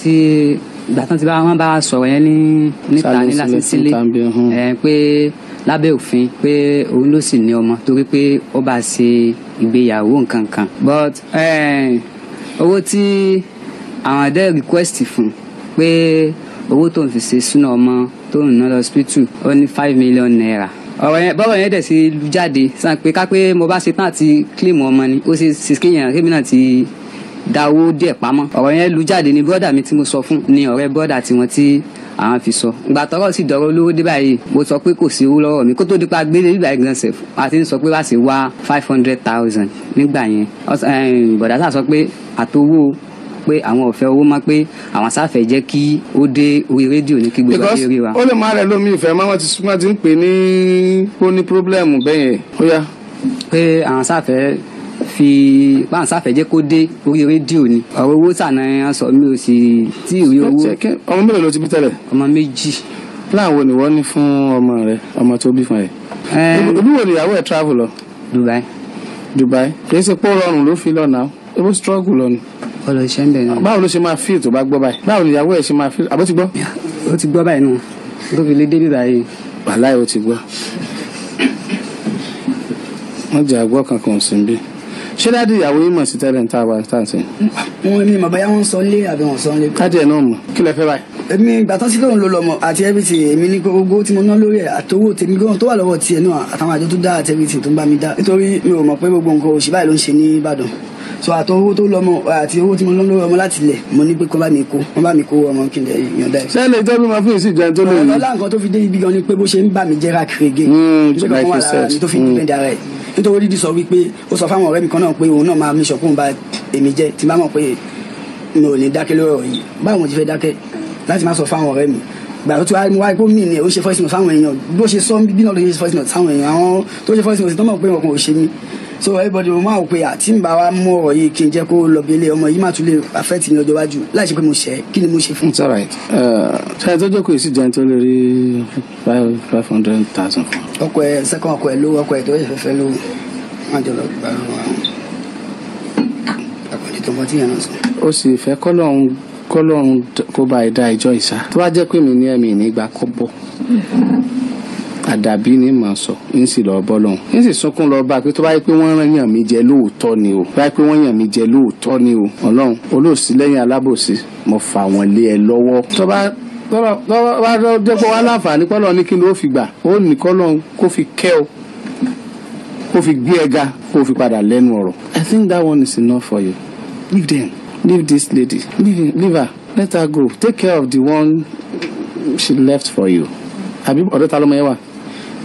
ìgbà ti bá wọn bá sọ̀rọ̀ yẹn ní níta ní pé lábẹ́ òfin pé òun ló sì ní ọmọ torí pé ó bá ṣe ìgbéyàwó nǹkan kan but eh, owó tí àwọn adé request fún pé owó tó ń fi ṣe súná ọmọ tó ń ná lọ hospital ó ní five million naira ọ̀rọ̀ yẹn bọ́rọ̀ yẹn dẹ̀ sí lu jáde san pé ká pé mo bá ṣe tán àti claim ọmọ ni ó ṣe ṣe kéèyàn kémi náà ti dáwó díẹ̀ pamọ́ ọ̀rọ̀ yẹn lu jáde ni bọ́dà mi tí mo sọ fún ni ọ̀rẹ́ bọ́dà tiwọn tí àwọn fi sọ. ìgbà tọ́rọ̀ sì dọ̀rọ̀ olówó dé báyìí mo sọ pé kò sí owó lọ́wọ́ mi kó tó dípa gbélé bíbá yìí gan sef a ti ń sọ pé wá sí wá five hundred thousand nígbà yẹn bọ̀dá sà sọ pé àtowó pé àwọn ọ̀fẹ́ owó máa pé àwọn sáfẹ́ jẹ́ kí ó dé orí rédíò ní kí gbogbo ayé rí wa. ó lè má rẹ lómi ìfẹ́ máa wọ́n ti súnmọ́ ti ń pè ní ó ní pírọ́blẹ́mù bẹ́yẹn ó yá. pé àwọn sáfẹ́ fi báńsáfẹ́jẹ́ kó dé orí rédíò ni ọ̀rọ̀ owó sànà ẹran sọ mi ò sì tí ìwé owó. ọmọ mélòó ló ti bí tẹ́lẹ̀. ọmọ méjì. plan wo ni wọ́n ní fún ọmọ rẹ ọmọ tó bí fún ẹ. olúwo nìyàwó ẹ travel lọ. Dubai. Dubai kì í ṣe pé ó rọrùn ló fi lọ́nà ó bó struggle lọ́nà ọlọ iṣẹ ń bẹ náà. báwo ló ṣe máa fíìl tó bá gbọ́ báyìí báwo ni ìyàwó ẹ̀ ṣe máa fíìl àbó ti gbọ́. ó ti gbọ́ báyìí náà tó fi lé débi báyìí. wàláì ó ti gbọ́. wọ́n jẹ́ àgbọ̀ kankan sí bí ṣé dáàdi ìyàwó yìí mọ̀ sí tẹ́lẹ̀ ń ta wa tá à ń sìn. wọn mi mọ̀ báyà wọn sọ lé àbí wọn sọ lé. káàdì ẹ̀ náà mọ̀ kí lẹ fẹ́ báyìí. èmi gbàtọ́ sí lóun ló lọ mọ àti everything èmi ní gbogbo tí mo ná lórí ẹ̀ àtọwọ́ tèmi gbọ́n tó wà lọ́wọ́ tiẹ̀ náà àtàwọn àjọ tó dá àti everything tó ń bá mi dá nítorí mi ò mọ̀ pé gbogbo nǹkan òṣì báyìí ló ń ṣe ní Ìbàdàn so àtọ owó tó lọmọ àti owó tí mo lọ́nà ọmọ láti lẹ̀ mo ní pé kó bá mi kó wọ́n bá mi kó ọmọ kí n lè yànda ẹ̀. sẹ́lẹ̀ ìtọ́jú máa fún ìsìn ìjẹun tó lè rí. ọ̀rọ̀ ọ̀la nǹkan tó fi dé ibi gan ni pé bó ṣe ń bà mí jẹ́ rákìrègé. nítorí kan wà lára mi tó fi ń dìbẹ̀ dára ẹ̀ nítorí dídí sọ wípé ó sọ fáwọn ọ̀rẹ́ mi kan náà pé òun náà máa mi sọkún ba èmi jẹ́ tí máa mọ̀ pé mi ò ní dákẹ́ lọ́rọ̀ yìí báwo ti fẹ́ dákẹ́ láti má sọ fáwọn ọ̀rẹ́ mi gbàtọ́ tí wàá wáyé kó mí ni ó ṣe voice note fáwọn èèyàn bó ṣe sọ bí náà ló ṣe voice note sáwọn èèyàn àwọn tó ṣe voice note tó mọ̀ pé wọn kò ṣe mí so everybody mo máa wò pé àti ń bá wa mú ọ̀rọ̀ yìí kí n jẹ́ kó lọ bí ilé ọmọ yìí má tún lè affect ní ọjọ́ iwájú láì ṣe pé mo ṣe kí ni mo ṣe fún. all right uh, ṣe tó jókòó yìí sì jẹun tó lè rí five hundred thousand. ọkọ ẹ sẹkọ ọkọ ẹ ló ọkọ ẹ tó yẹ fẹfẹ ló má jọ lọ gbà wá àkọlé tó bọ tí yẹn náà sọ. ó sì fẹ́ kọ́lọ́run kọ́lọ́run kó bá ẹ̀dá ìjọ ìsá tó bá jẹ́ pé mi ní ẹ̀mí ìnígbà kó bọ̀ àdàbí ni màá sọ ń sì lọ bọ́ lọ́hùn ń sì sunkún lọ bá a pé tó bá yẹ pé wọ́n yàn mí jẹ lóòótọ́ ni o bá yẹ pé wọ́n yàn mí jẹ lóòótọ́ ni o ọlọ́run olóòsí lẹ́yìn alábòsí mo fà wọ́n lé ẹ lọ́wọ́ tó bá tọ́lọ́ bá dẹ́pọ̀ wá láǹfààní kọ́lọ́ ní kí ló fi gbà ó ní kọ́lọ́ kó fi kẹ́ o kó fi gbé ẹ ga kó fi padà lẹ́nu ọ̀rọ̀. I think that one is enough for you. Leave them. Leave this lady. Leave, leave her. Let her go. Take care of the one she left for you. àbí ọ̀dọ́ ta ló mọ ẹ wà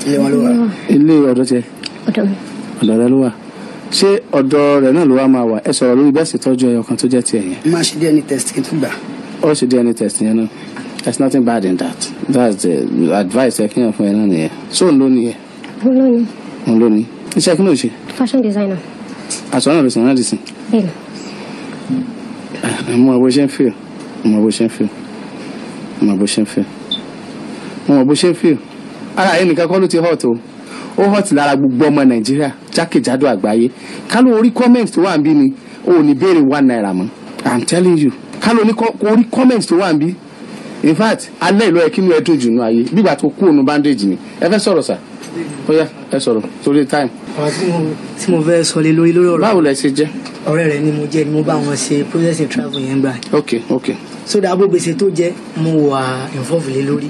ilé wọn ló wà. ilé ọ̀dọ̀ tiẹ̀. ọ̀dọ̀ mi. ọ̀dọ̀ rẹ ló wà ṣé ọ̀dọ̀ rẹ náà ló wà máa wà ẹ sọ̀rọ̀ lórí bẹ́ẹ̀ sì tọ́jú ẹyọ kan tó jẹ́ tiẹ̀ yẹn. máa ṣe DNA test kí n tún gbà. ó ṣe DNA test yẹn náà there's nothing bad in that that's the advice ẹ kíyàn fún ẹ náà nìyẹn so n ló ní yẹ. mo ló ní. mo ló ní iṣẹ́ kí ló ṣe. fashion designer. aṣọ náà ló sì náà dì sí. bẹ́ẹ̀ ni. mo mọ bó ṣe ń feel mo mọ bó ṣe ń feel mo mọ bó ṣe ń feel mo mọ bó ṣe ń feel ara ẹnìkan kọ́ ló ti hot o ó hot lára gbogbo ọmọ nàìjíríà jákèjádò àgbáyé káló orí comment tó wà ń bí ni o ò ní béèrè one naira mọ́ i'm telling you káló orí comment tó wà ń bí in fact alẹ́ ìlú ẹ̀ kí ni ẹ dùn jù nù ayé bígbà tó kú ònú bandage ni ẹ fẹ́ sọ̀rọ̀ sà ó yá ẹ sọ̀rọ̀ torí time. ọ̀rọ̀ tí mo fẹ́ sọ lé lórí lórí ọ̀rọ̀. báwo lẹ ṣe jẹ́. ọ̀rẹ́ rẹ ni mo jẹ́ ni mo bá wọn ṣe processing travel yẹn gbà. ok ok. sódà agbógbèsè tó jẹ́ mo wà involve lé lórí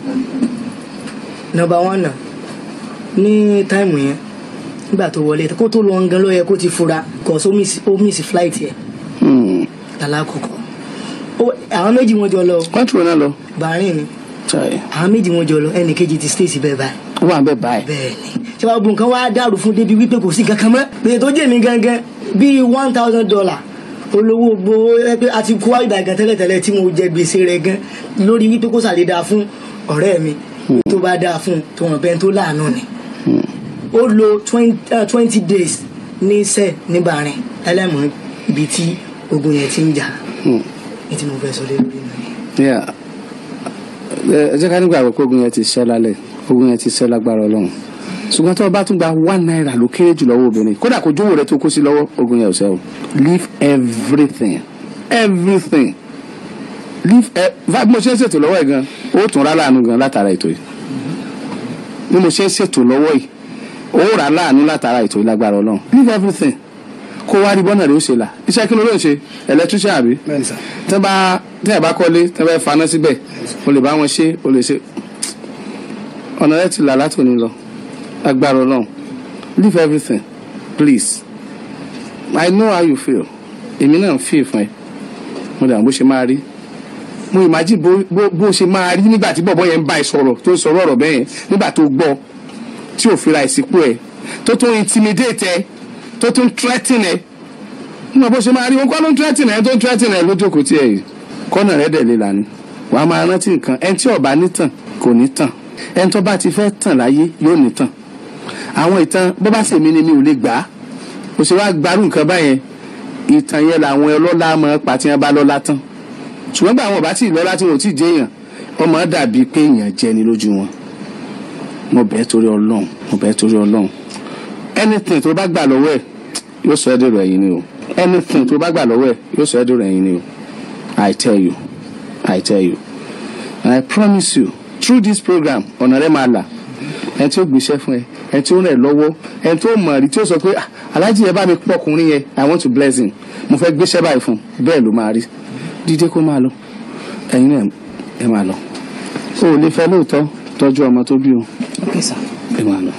nọ́mbà wọn nà ní táìmù yẹn nígbà tó wọlé kó tó lọ gan ló yẹ kó ti fura cause ó miss flight yẹ hmm. lálákọ̀ọ́kọ́ àwọn méjì wọn jọ lọ. wọ́n tún wọn náà lọ. bàárín ni àwọn méjì wọn jọ lọ ẹnì kejì ti stay síbẹ̀ báyìí. ó wà bẹ́ẹ̀ báyìí. bẹ́ẹ̀ ni ṣé wàá gbọ̀n kan wá dàrú fún débi wípé kò sí kankan mọ́. pé tó jẹ́ mi gangan bíi one thousand dollar olówó gbowó ẹgbẹ́ àti kó àgbà gan tẹ́lẹ̀tẹ́lẹ̀ tí mo jẹ gbèsè rẹ̀ gan lórí wípé kó sàlédà fún ọ̀rẹ́ mi tó bá dáa fún tó wọn bẹ́ẹ̀ tó láàánú ni ó lo twenty uh, days ní sẹ́ẹ̀ níbàárẹ̀ ẹlẹ́mọ̀ ibi tí ogun yẹn ti ń jà ní tí mo fẹ́ sọ lórí mi. ẹ jẹ́ ká nígbà wọ ogun yẹn ti ṣẹ́ lálẹ́ ogun yẹn ti ṣẹ́ lágbára ọlọ́run ṣùgbọ́n tó o bá tún gba one naira ló kéré jù lọ́wọ́ obìnrin kódà kó jówó rẹ tó kó sí lọ́wọ́ ogun yẹn ò sẹ́ leave everything everything mo ṣe ń ṣètò lọ́wọ́ yìí gan ó tún rà láàánú gan látara ètò yìí bí mo ṣe ń ṣètò lọ́wọ́ yìí ó rà láàánú látara ètò yìí lágbára ọlọ́run leave everything kó wá rí bọ́nà rẹ̀ ó ṣe là iṣẹ́ kí ló ló ń ṣe electrician àbí tẹ́ bá tẹ́ bá kọ́lé tẹ́ bá faná síbẹ̀ o lè bá wọn ṣe o lè ṣe ọ̀nà rẹ̀ ti là látòní lọ agbára ọlọ́run leave everything please i know how you feel èmi náà feel fún ẹ mo dàgbà bó ṣe máa rí mo imagine bó bó ṣe máa rí nígbà tí bọ̀bọ̀ yẹn ń bá ẹ sọ̀rọ̀ tó ń sọ̀rọ̀ ọ̀rọ̀ bẹ́ẹ̀ nígbà tó gbọ́ tí ò fira ìsìnkú ẹ tó tún intimidate ẹ tó tún threaten ẹ nígbà bó ṣe máa rí wọn kọ́ ló ń threaten ẹ tó ń threaten ẹ lójókòó tiẹ̀ yìí kọ́nà rẹ̀ dẹ̀ lè lànà wàá máa rántí nǹkan ẹni tí ò bá nítàn kò nítàn ẹni tó bá ti fẹ́ tàn láyé yóò nítàn àwọn ìtàn bó bá ṣèmi ni mi ò lè gbà á mo ṣe wá gbarú nǹkan báyẹn ìtàn yẹn làwọn ọlọ́lá máa pàtìyàn bá lọ́lá tán ṣùgbọ́n gbà àwọn ọba tí ìlọ́lá tí wọn ò tí ì jẹ́ ọmọ dàbí pé èèyàn jẹni lójú wọn mo bẹ́ẹ̀ torí ọlọ́run mo bẹ́ẹ̀ torí ọlọ́run anything tó bá gbà lọ́wọ́ ẹ̀ yóò sọ ẹ́ dèrò ẹ̀yìn ni o anything tó bá gbà lọ́wọ́ ẹ̀ yóò sọ ẹ́ dèrò ẹ̀yìn ni o I tell you I tell you and I promise you through this program ọ̀nà rẹ̀ máa là ẹni tí ó gbéṣẹ́ fún ẹ ẹni tí ó rẹ̀ lọ́wọ́ ẹni tí ó mọ̀ rí tí ó sọ pé ah, aláàjì ẹ bá mi pọ̀ ọkùnrin yẹn I want to bless him mo fẹ́ gbéṣẹ́ báyìí fún bẹ́ẹ̀ ló máa rí dídé kó máa lọ ẹ̀yin náà ẹ máa lọ o ò lè fẹ́ lóòótọ́ tọ́jú ọmọ tó bí o ẹ máa lọ.